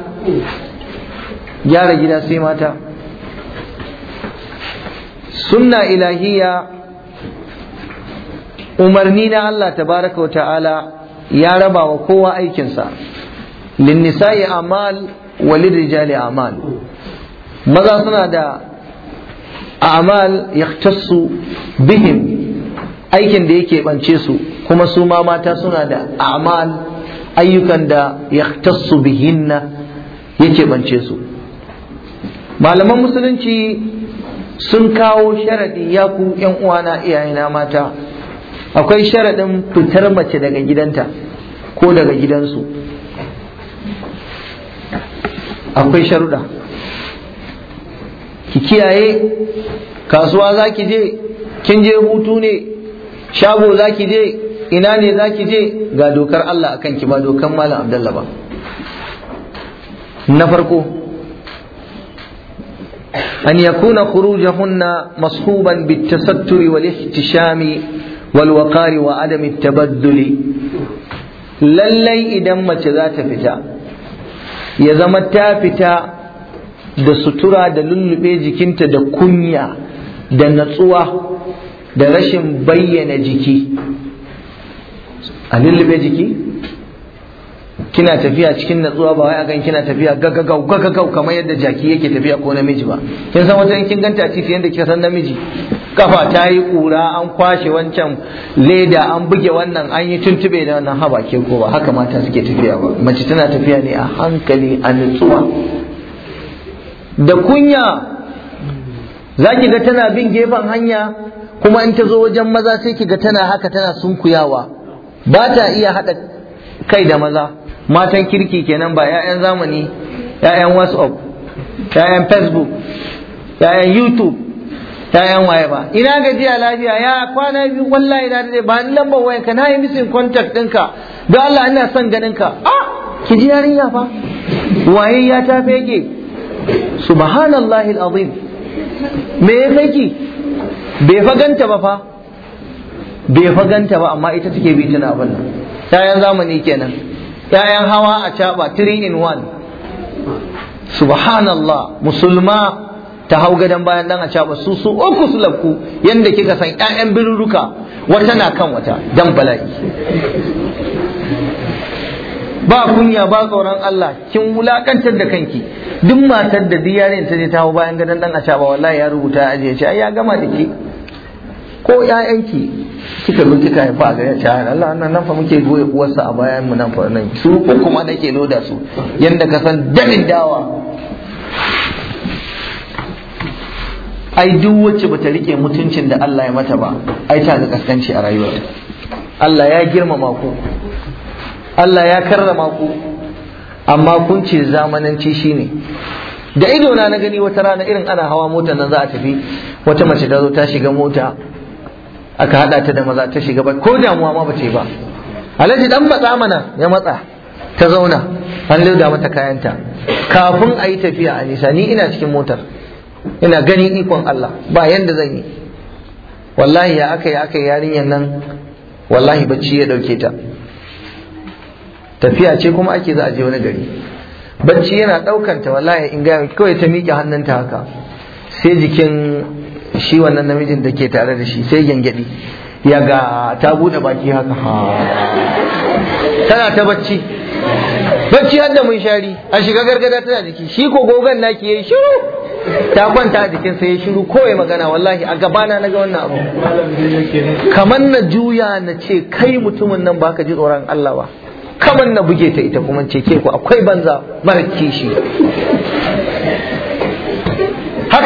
gyara gida sai mata sunna ilahiya umarni na Allah tabaraka wa ta'ala ya raba wa kowa aikinsa linnisa'i amal walid rijali amal maza suna da amal yaktassu bihim aikin da yake bance su kuma su ma mata suna da amal ayyukan da yaktassu bihinna yake bance su malaman musulunci sun kawo sharadi ya ku yan uwana iyayena mata akwai sharadin fitar mace daga gidanta ko daga gidansu akwai sharuda ki kiyaye kasuwa za ki je kin je hutu ne shago za ki je ina ne za ki je ga dokar Allah akan ki ba dokar malam Abdallah ba na farko أن يكون خروجهن مصحوبا بالتستر والاحتشام والوقار وعدم التبذل lallai idan mace za ta fita ya zama ta fita da sutura da lulluɓe jikinta da kunya da natsuwa da rashin bayyana jiki a lullube jiki kina tafiya cikin natsuwa ba wai akan kina tafiya gagagau gagagau kamar yadda jaki yake tafiya ko namiji ba kin san wata kin ganta titi yadda kika san namiji kafa ta yi kura an kwashe wancan leda an buge wannan an yi tuntube da wannan haba ke ko ba haka mata suke tafiya ba mace tana tafiya ne a hankali a natsuwa da kunya zaki ga tana bin gefen hanya kuma in ta zo wajen maza sai ki ga tana haka tana sunkuyawa ba ta iya haɗa kai da maza matan kirki kenan ba 'ya'yan zamani 'ya'yan whatsapp 'ya'yan facebook 'ya'yan youtube 'ya'yan waye ba ina gajiya lafiya ya kwana biyu wallahi na dade ba ni lambar wayanka na yi misin contact ɗinka don Allah ina son ganin ka ah ki ji yarinya fa waye ya ta fege subhanallahi alazim me ya kai bai faganta ba fa bai faganta ba amma ita take bi tana abin nan 'ya'yan zamani kenan 'ya'yan hawa a caɓa 3 in 1 subhanallah musulma ta hau gadon bayan dan a caɓa su su uku oh, su lafku yadda kika san 'ya'yan birruka wata na kan wata dan bala'i ba kunya ba tsoron Allah kin wulakantar da kanki duk matar da diyarin ta je ta hau bayan gadon dan a caɓa wallahi ya rubuta aje ya ce ai ya gama da ke ko ƴaƴanki kika zo kika haifa a gare ta Allah annan nan fa muke goye uwarsa a bayan mu nan fa nan su ko kuma nake loda su yanda ka san damin dawa ai duk wacce bata rike mutuncin da Allah ya mata ba ai ta ga kaskanci a rayuwarta Allah ya girmama ku Allah ya karrama ku amma kun ce zamananci shine da idona na gani wata rana irin ana hawa motar nan za a tafi wata mace ta zo ta shiga mota aka haɗa ta da maza ta shiga ba ko damuwa ma ba ce ba alhaji dan matsa mana ya matsa ta zauna an lauda mata kayanta kafin a yi tafiya a nisa ni ina cikin motar ina ganin ikon Allah ba yanda zan yi wallahi ya aka yi aka yi yarinyar nan wallahi bacci ya dauke ta tafiya ce kuma ake za a je wani gari bacci yana ɗaukanta, ta wallahi in ga kawai ta miƙe hannunta haka sai jikin shi wannan namijin da ke tare da shi sai gyangyaɗi ya ga ta bude baki haka tana ta bacci bacci har mun shari a shiga gargada tana jiki shi ko gogon naki yayi shiru ta kwanta a jikin sai ya shiru kowai magana wallahi a gabana na ga wannan abu kamar na juya na ce kai mutumin nan ba ka ji tsoron Allah ba kamar na buge ta ita kuma ce ke ku akwai banza mara kishi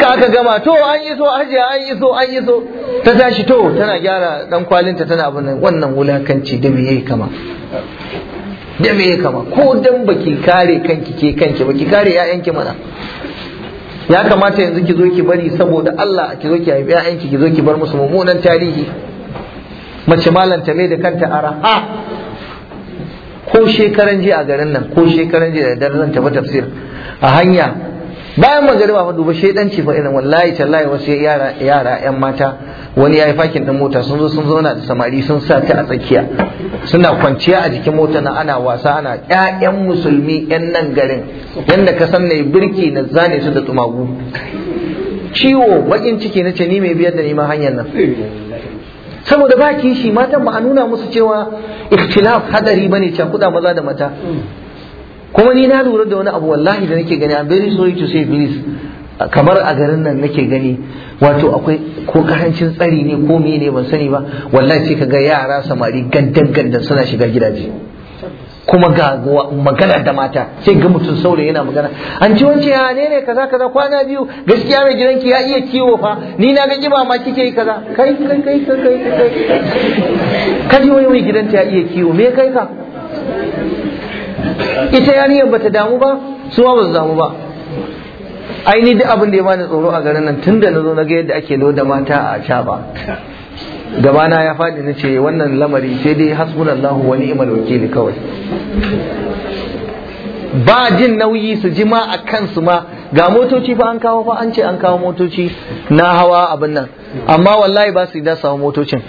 aka gama to an iso hajiya an iso an iso ta tashi to tana gyara dan kwalinta tana abin nan wannan wulakanci da me yayi kama da me yayi kama ko dan baki kare kanki ke kanki baki kare ƴaƴanki mana ya kamata yanzu ki zo ki bari saboda Allah ki zo ki haifi ƴaƴanki ki zo ki bar musu mummunan tarihi mace ta mai da kanta araha ko shekaran ji a garin nan ko shekaran ji da zan ta tafsir a hanya bayan magariba fa duba shedanci fa irin wallahi tallahi wasu yara yara yan mata wani yayi fakin din mota sun zo sun zo na da samari sun sa ta a tsakiya suna kwanciya a jikin mota na ana wasa ana ƴaƴan musulmi yan nan garin yanda ka san ne birki na zane su da tumagu ciwo bakin ciki na ce ni mai biyar da ma hanyar nan saboda ba kishi matan ba a nuna musu cewa ikhtilaf hadari bane cakuda maza da mata kuma ni na lura da wani abu wallahi da nake gani I'm very sorry to say please kamar a garin nan nake gani wato akwai ko karancin tsari ne ko me ne ban sani ba wallahi sai kaga yara samari gandan gandan suna shiga gidaje kuma ga magana da mata sai ga mutum saurayi yana magana an ci wance ya ne ne kaza kaza kwana biyu gaskiya mai gidanki ya iya kiwo fa ni na ga kiba ma kike yi kaza kai kai kai kai kai kai kai kai gidanta ya iya kiwo me kai ka ita yariyar bata damu ba su ba su damu ba ai ni duk abin da ya bani tsoro a garin nan tunda na zo na ga yadda ake loda mata a caba gabana ya faɗi na ce wannan lamari sai dai hasbunallahu wa ni'mal wakili kawai ba jin nauyi su ji ma a kansu ma ga motoci fa an kawo fa an ce an kawo motoci na hawa abin nan amma wallahi ba su yi da samu motocin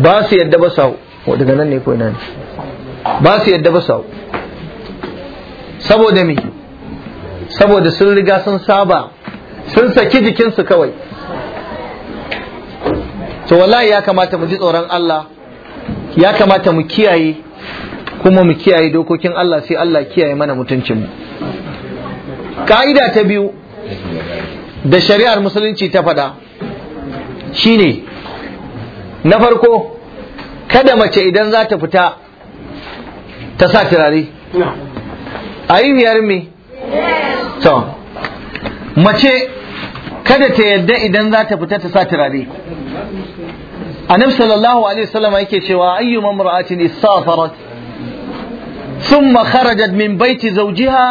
ba su yadda ba su daga nan ne ko ina ne ba su yadda ba su saboda me saboda sun riga sun saba sun saki jikinsu kawai to wallahi ya kamata mu ji tsoron Allah ya kamata mu kiyaye kuma mu kiyaye dokokin Allah sai Allah kiyaye mana mutuncinmu ka'ida ta biyu da shari'ar musulunci ta faɗa shine na farko kada mace idan za ta fita ta sa turare a yi biyar me to mace kada ta yadda idan za ta fita ta sa turare annabi sallallahu alaihi wasallam yake cewa ayyu mamra'atin isafarat thumma kharajat min baiti zawjiha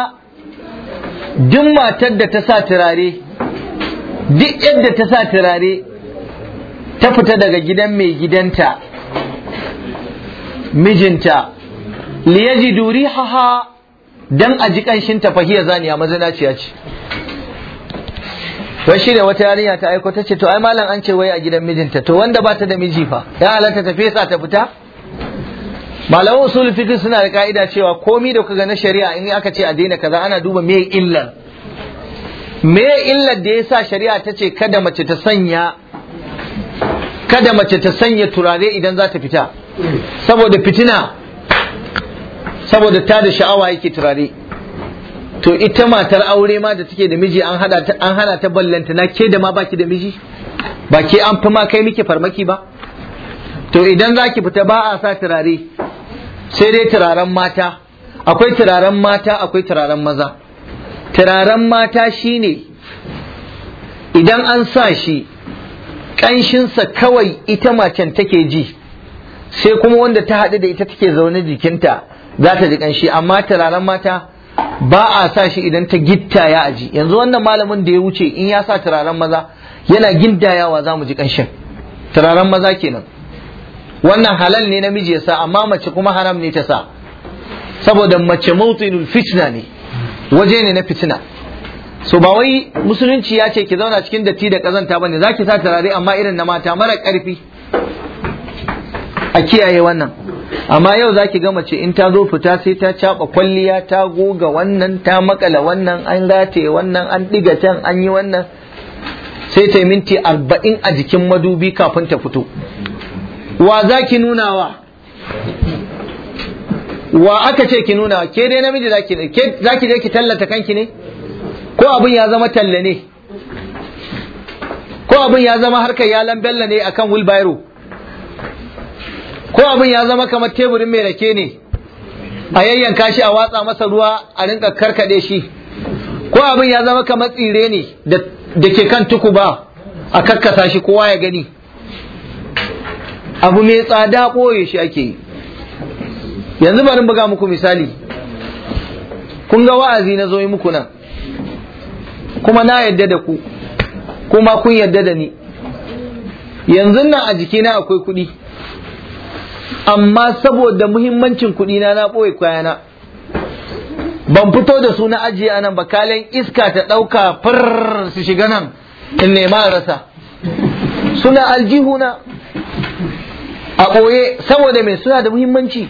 duk matar da ta sa turare duk yadda ta sa turare ta fita daga gidan mai gidanta mijinta Liyaji duri haha. dan a ji kanshin ta fahiya zaniya mazinaciya ce to shi ne wata yarinya ta aiko ta ce to ai malam an ce wai a gidan mijinta to wanda ba ta da miji fa ya halatta ta fesa ta fita malaman usul fiqh suna da ka'ida cewa komai da kaga na shari'a in aka ce a daina kaza ana duba me illa me illar da yasa shari'a ta ce kada mace ta sanya kada mace ta sanya turare idan za ta fita saboda fitina saboda ta da sha'awa yake turare to ita matar aure ma da take da miji an hada hana ta ballanta na ke da ma baki da miji ba an fi ma kai miki farmaki ba to idan zaki fita ba a sa turare sai dai turaren mata akwai turaren mata akwai turaren maza turaren mata shine idan an sa shi ƙanshinsa kawai ita macen take ji sai kuma wanda ta haɗu da ita take zaune jikinta za ta ji kanshi amma turaren mata ba a sa shi idan ta gittaya a ji yanzu wannan malamin da ya wuce in ya sa turaren maza yana gindayawa za mu ji kanshin turaren maza kenan wannan halal ne namiji ya sa amma mace kuma haram ne ta sa saboda mace mautinul fitna ne waje ne na fitina so ba wai musulunci ya ce ki zauna cikin datti da kazanta bane zaki sa turare amma irin na mata mara karfi a kiyaye wannan amma yau za ki gama ce in ta zo fita sai ta caba kwalliya ta goga wannan ta makala wannan an rataye wannan an diga can an yi wannan sai ta minti arba'in a jikin madubi kafin ta fito wa za ki nuna wa Wa aka ce ki nuna wa? ke dai namiji za ki je ki tallata kanki ne ko abin ya zama talle ne ko abin ya zama harkar yalan bella ne akan wilbairo ko abin ya zama kamar teburin mai rake ne a yayyanka shi a watsa masa ruwa a rinka karkade shi ko abin ya zama kamar tsire ne da ke kan tukuba a karkasa shi kowa ya gani abu mai tsada koyo shi ake yi yanzu bari buga muku misali kun ga wa'azi na zo muku nan kuma na yadda da ku kuma kun yadda da ni yanzu nan a jikina akwai kuɗi amma saboda muhimmancin kuɗi na na ɓoye kwayana, ban fito da su na ajiye anan ba kalan iska ta ɗauka far su shiga nan in nema rasa suna aljihuna a ɓoye saboda mai suna da muhimmanci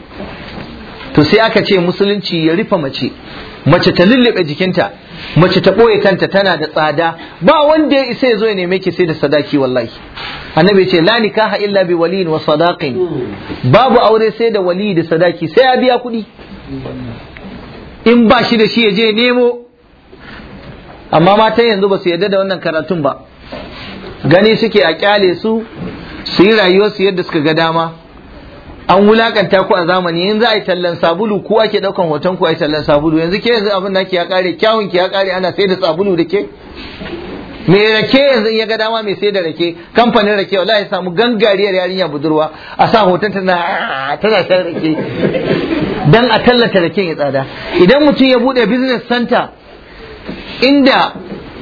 to sai aka ce musulunci ya rufe mace mace ta lullube jikinta mace ta ɓoye kanta tana da tsada ba wanda ya isa ya zo ya nema ki sai da sadaki wallahi annabi ce la nikaha illa bi waliyin wa sadaqin babu aure sai da wali da sadaki sai ya biya kuɗi in ba shi da shi ya je nemo amma matan yanzu ba su yarda da wannan karatun ba gani suke a kyale su su yi su yadda suka ga dama an wulakanta ku a zamani in za a yi tallan sabulu ku ake daukan hoton ku a yi tallan sabulu yanzu ke yanzu abin da ya kare kyawun ki ya kare ana sai da sabulu da ke mai rake yanzu ya ga dama mai sai da rake kamfanin rake wala ya samu gangariyar yarinya budurwa a sa hoton tana tana shan rake dan a tallata raken ya tsada idan mutum ya bude business center inda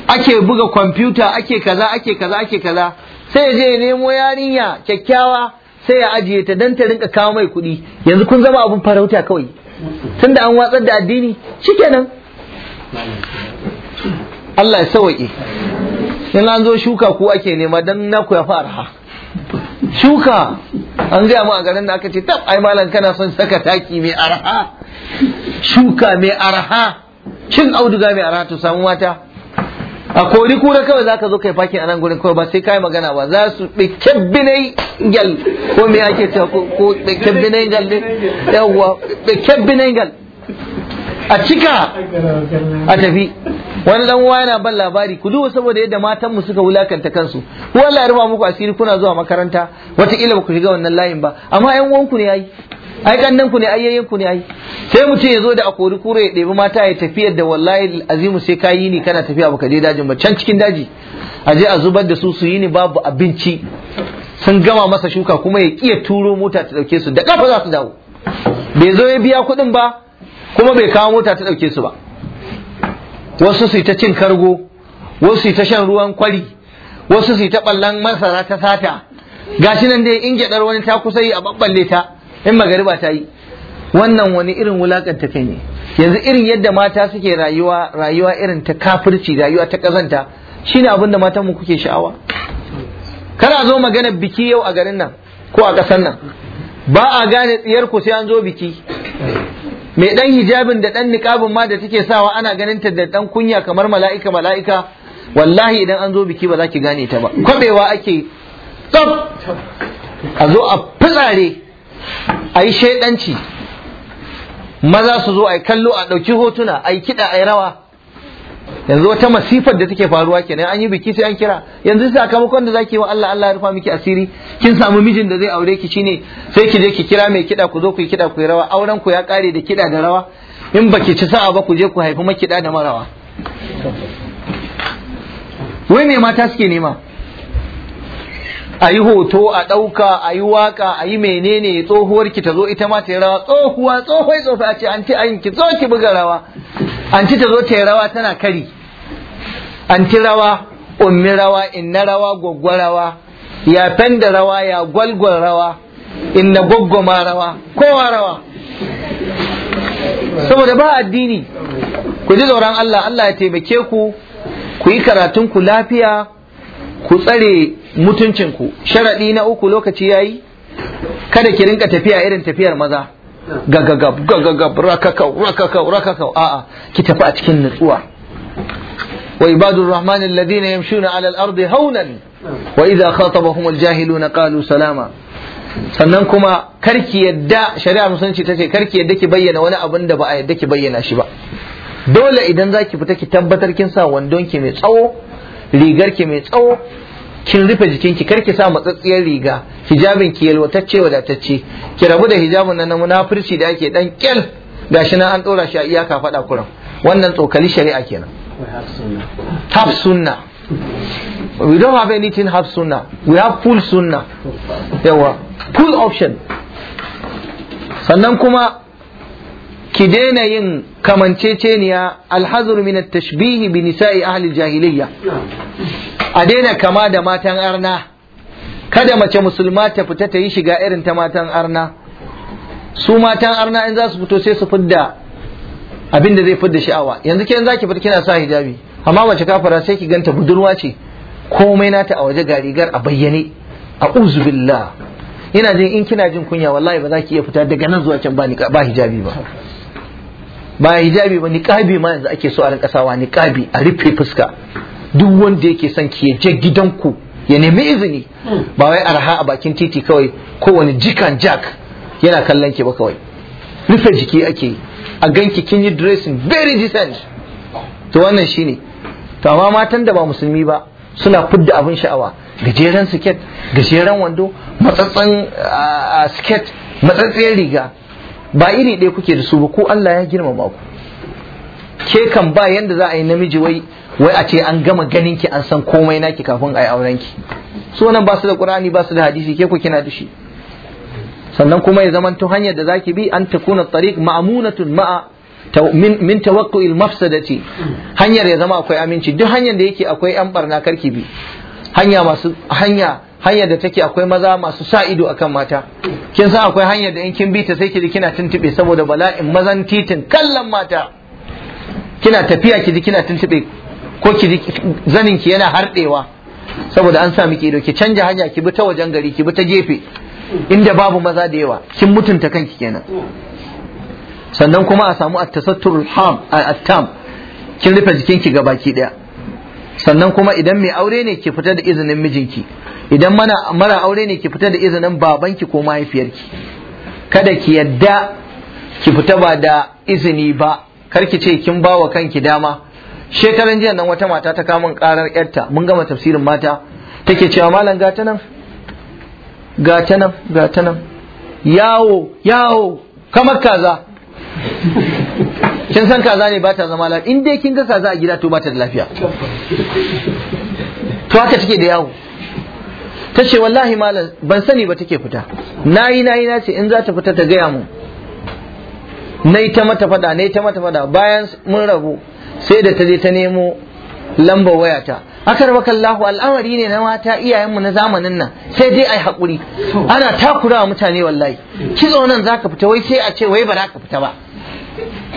ake buga kwamfuta ake kaza ake kaza ake kaza sai ya je nemo yarinya kyakkyawa sai ya ajiye ta dan ta rinka kawo mai kuɗi yanzu kun zama abun farauta kawai tunda an watsar da addini shikenan Allah ya sawaƙe in an zo shuka ku ake nema dan na ku ya arha. shuka an gaya mu a garin da aka ce tab ai malam kana son saka taki mai arha shuka mai arha cin auduga mai arha to samu mata a kori kura kawai za ka zo kai fakin a nan gurin kawai ba sai kai magana ba za su ɗikken kebbinai gal ko me ake ce ko ɗikken binai gal ne yawwa ɗikken binai gal a cika a tafi wani dan uwa yana ban labari ku duba saboda yadda matan mu suka wulakanta kansu wallahi ya ruba muku asiri kuna zuwa makaranta wata ba ku shiga wannan layin ba amma ƴan uwanku ne ai ai kannan ku ne ayyayen ku ne ai sai mutum ya zo da akori kure ya ɗebi mata ya tafiyar da wallahi azimu sai ka yi ni kana tafiya baka je dajin ba can cikin daji a je a zubar da su su yi ni babu abinci sun gama masa shuka kuma ya iya turo mota ta ɗauke su da kafa za su dawo bai zo ya biya kuɗin ba kuma bai kawo mota ta ɗauke su ba wasu su ta cin kargo wasu su ta shan ruwan kwari wasu su ta ballan masara ta sata gashi nan dai in gyadar wani ta kusa yi a babballe ta in magariba ta yi wannan wani irin wulakanta kai ne yanzu irin yadda mata suke rayuwa rayuwa irin ta kafirci rayuwa ta kazanta shine abin da matan mu kuke sha'awa kana zo magana biki yau a garin nan ko a ƙasar nan ba a gane tsiyar ku sai an zo biki mai dan hijabin da dan niqabin ma da take sawa ana ganin ta da dan kunya kamar mala'ika mala'ika wallahi idan an zo biki ba za ki gane ta ba kwabewa ake tsaf a zo a fitsare a yi shaidanci maza su zo a yi kallo a ɗauki hotuna a yi kiɗa a yi rawa yanzu wata masifar da take faruwa kenan an yi biki sai an kira yanzu sakamakon da zaki wa Allah Allah ya rufa miki asiri kin samu mijin da zai aure ki shine sai ki je ki kira mai kida ku zo ku yi kida ku yi rawa auren ku ya kare da kida da rawa in baki ci sa'a ba ku je ku haifi makida da marawa wai me mata suke nema a yi hoto a ɗauka a yi waka a yi menene tsohuwar ki ta zo ita ma ta yi rawa tsohuwa tsohuwa tsofa a ce an ci an ki zo ki buga rawa an ci ta zo ta yi rawa tana kari anti rawa ummi rawa inna rawa gwaggwa rawa ya fenda rawa ya gwalgwal rawa inna gwaggwa ma rawa kowa rawa saboda ba addini ku ji tsoron Allah Allah ya taimake ku ku yi karatun ku lafiya ku tsare mutuncin ku sharaɗi na uku lokaci yayi kada ki rinka tafiya irin tafiyar maza gagagab gagagab rakakau rakakau rakakau a'a ki tafi a cikin nutsuwa وعباد الرحمن الذين يمشون على الأرض هونا وإذا خاطبهم الجاهلون قالوا سلاما sannan kuma karki yadda shari'a musulunci ta ce karki yadda ki bayyana wani abin da ba a yadda ki bayyana shi ba dole idan za ki fita ki tabbatar kin sa wandon ki mai tsawo rigar ki mai tsawo kin rufe jikin ki karki sa matsatsiyar riga hijabin ki yalwatacce wadatacce ki rabu da hijabin nan na munafurci da ake dan kyal gashi nan an dora shi a iyaka fada kuran wannan tsokali shari'a kenan We have sunnah. Half sunnah. We don't have anything half sunnah. We have full sunnah. There were full option. Sannan kuma ki daina yin kamanceceniya alhazur min at-tashbih bi nisa'i ahli jahiliyya. A daina kama da matan arna. Kada mace musulma ta fita ta yi shiga irin ta matan arna. Su matan arna in za su fito sai su fidda abin da zai fidda sha'awa yanzu ke zaki fita kina sa hijabi amma mace kafara sai ki ganta budurwa ce komai nata a waje ga rigar a bayyane a uzubillah ina jin in kina jin kunya wallahi ba za ki iya fita daga nan zuwa can ba ba hijabi ba ba hijabi ba niqabi ma yanzu ake so a rinka sawa niqabi a rufe fuska duk wanda yake son ki ya je gidanku ya nemi izini ba wai arha a bakin titi kawai kowane jikan jack yana kallon ki ba kawai rufe jiki ake yi a ganki kin yi dressing very decent to wannan shine to amma matan da ba musulmi ba suna fidda abin sha'awa gajeren siket gajeren wando matsatsan siket matsatsiyar riga ba iri ɗaya kuke da su ba ko Allah ya girmama ku ke kan ba yanda za a yi namiji wai wai a ce an gama ganin ki an san komai naki kafin a yi auren ki su nan ba su da qur'ani ba su da hadisi ke ku kina da sannan kuma ya zamanto hanyar da zaki bi an ta kuna tariq ma'amunatun ma'a min tawakku'il mafsadati hanyar ya zama akwai aminci duk hanyar da yake akwai yan barna karki bi hanya masu hanya hanyar da take akwai maza masu sa ido akan mata kin san akwai hanyar da in kin bi ta sai ki kina tuntube saboda bala'in mazan titin kallon mata kina tafiya ki kina tuntube ko ki zanin ki yana hardewa saboda an sa miki ido ki canja hanya ki bi ta wajen gari ki bi ta gefe inda babu maza da yawa kin mutunta kanki kenan sannan kuma a samu at-tasatturul ham at-tam kin rufe jikinki ga baki daya sannan kuma idan mai aure ne ki fita da izinin mijinki idan mana mara aure ne ki fita da izinin babanki ko mahaifiyarki kada ki yadda ki fita ba da izini ba kar ki ce kin ba wa kanki dama shekaran jiya nan wata mata ta kamun karar yarta mun gama tafsirin mata take cewa malam gata nan ga ta nan ga ta nan yawo yawo kamar kaza kin san kaza ne ba ta zama lafiya in dai kin ga kaza a gida to ba ta da lafiya to haka take da yawo ta ce wallahi malam ban sani ba take fita nayi nayi na ce in za ta fita ta gaya mu nayi ta mata fada nayi ta mata fada bayan mun rabu sai da ta je ta nemo lambar wayata akar kallahu al'amari ne na mata iyayenmu na zamanin nan sai dai ai hakuri ana takura wa mutane wallahi kitso nan za ka fita wai sai a ce wai ba za ka fita ba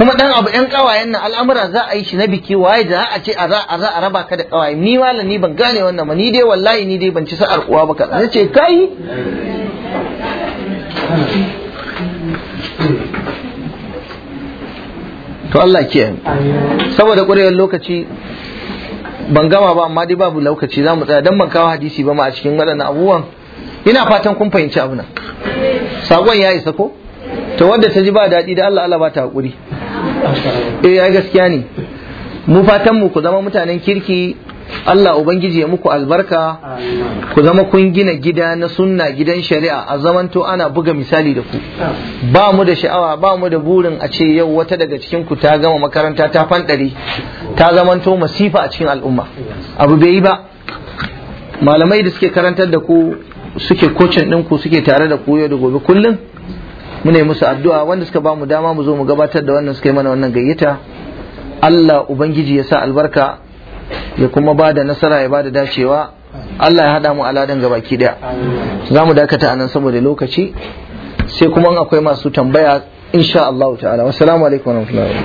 kuma dan abu yan kawayen nan al'amura za a yi shi na biki waye da a ce a za a raba ka da ƙawaye ni wala ni ban gane wannan ba ni dai wallahi ni dai ban ci sa'ar uwa ba kaza ce kai to Allah ke saboda ƙurewar lokaci ban gama ba amma dai babu lokaci za mu tsaya dan ban kawo hadisi ba ma a cikin waɗannan abubuwan ina fatan kun fahimci abu nan ya isa ko to wanda ta ji ba daɗi da Allah Allah ba ta haƙuri eh ai gaskiya ne mu fatan mu ku zama mutanen kirki Allah Ubangiji ya muku albarka ku zama kun gina gida na sunna gidan shari'a a zamanto ana buga misali da ku ba mu da sha'awa ba mu da burin a ce yau wata daga cikin ku ta gama makaranta ta fanɗare ta zamanto masifa a cikin al'umma abu bai yi ba malamai da suke karantar da ku suke kocin ɗin ku suke tare da ku yau da gobe kullum mu ne musu addu'a wanda suka ba mu dama mu zo mu gabatar da wannan suka yi mana wannan gayyata Allah Ubangiji ya sa albarka ya kuma ba da nasara ya ba da dacewa Allah ya haɗa mu aladan gabaki daya za mu dakata a nan saboda lokaci sai kuma akwai masu tambaya insha Allah ta'ala wassalamu alaikum warahmatullahi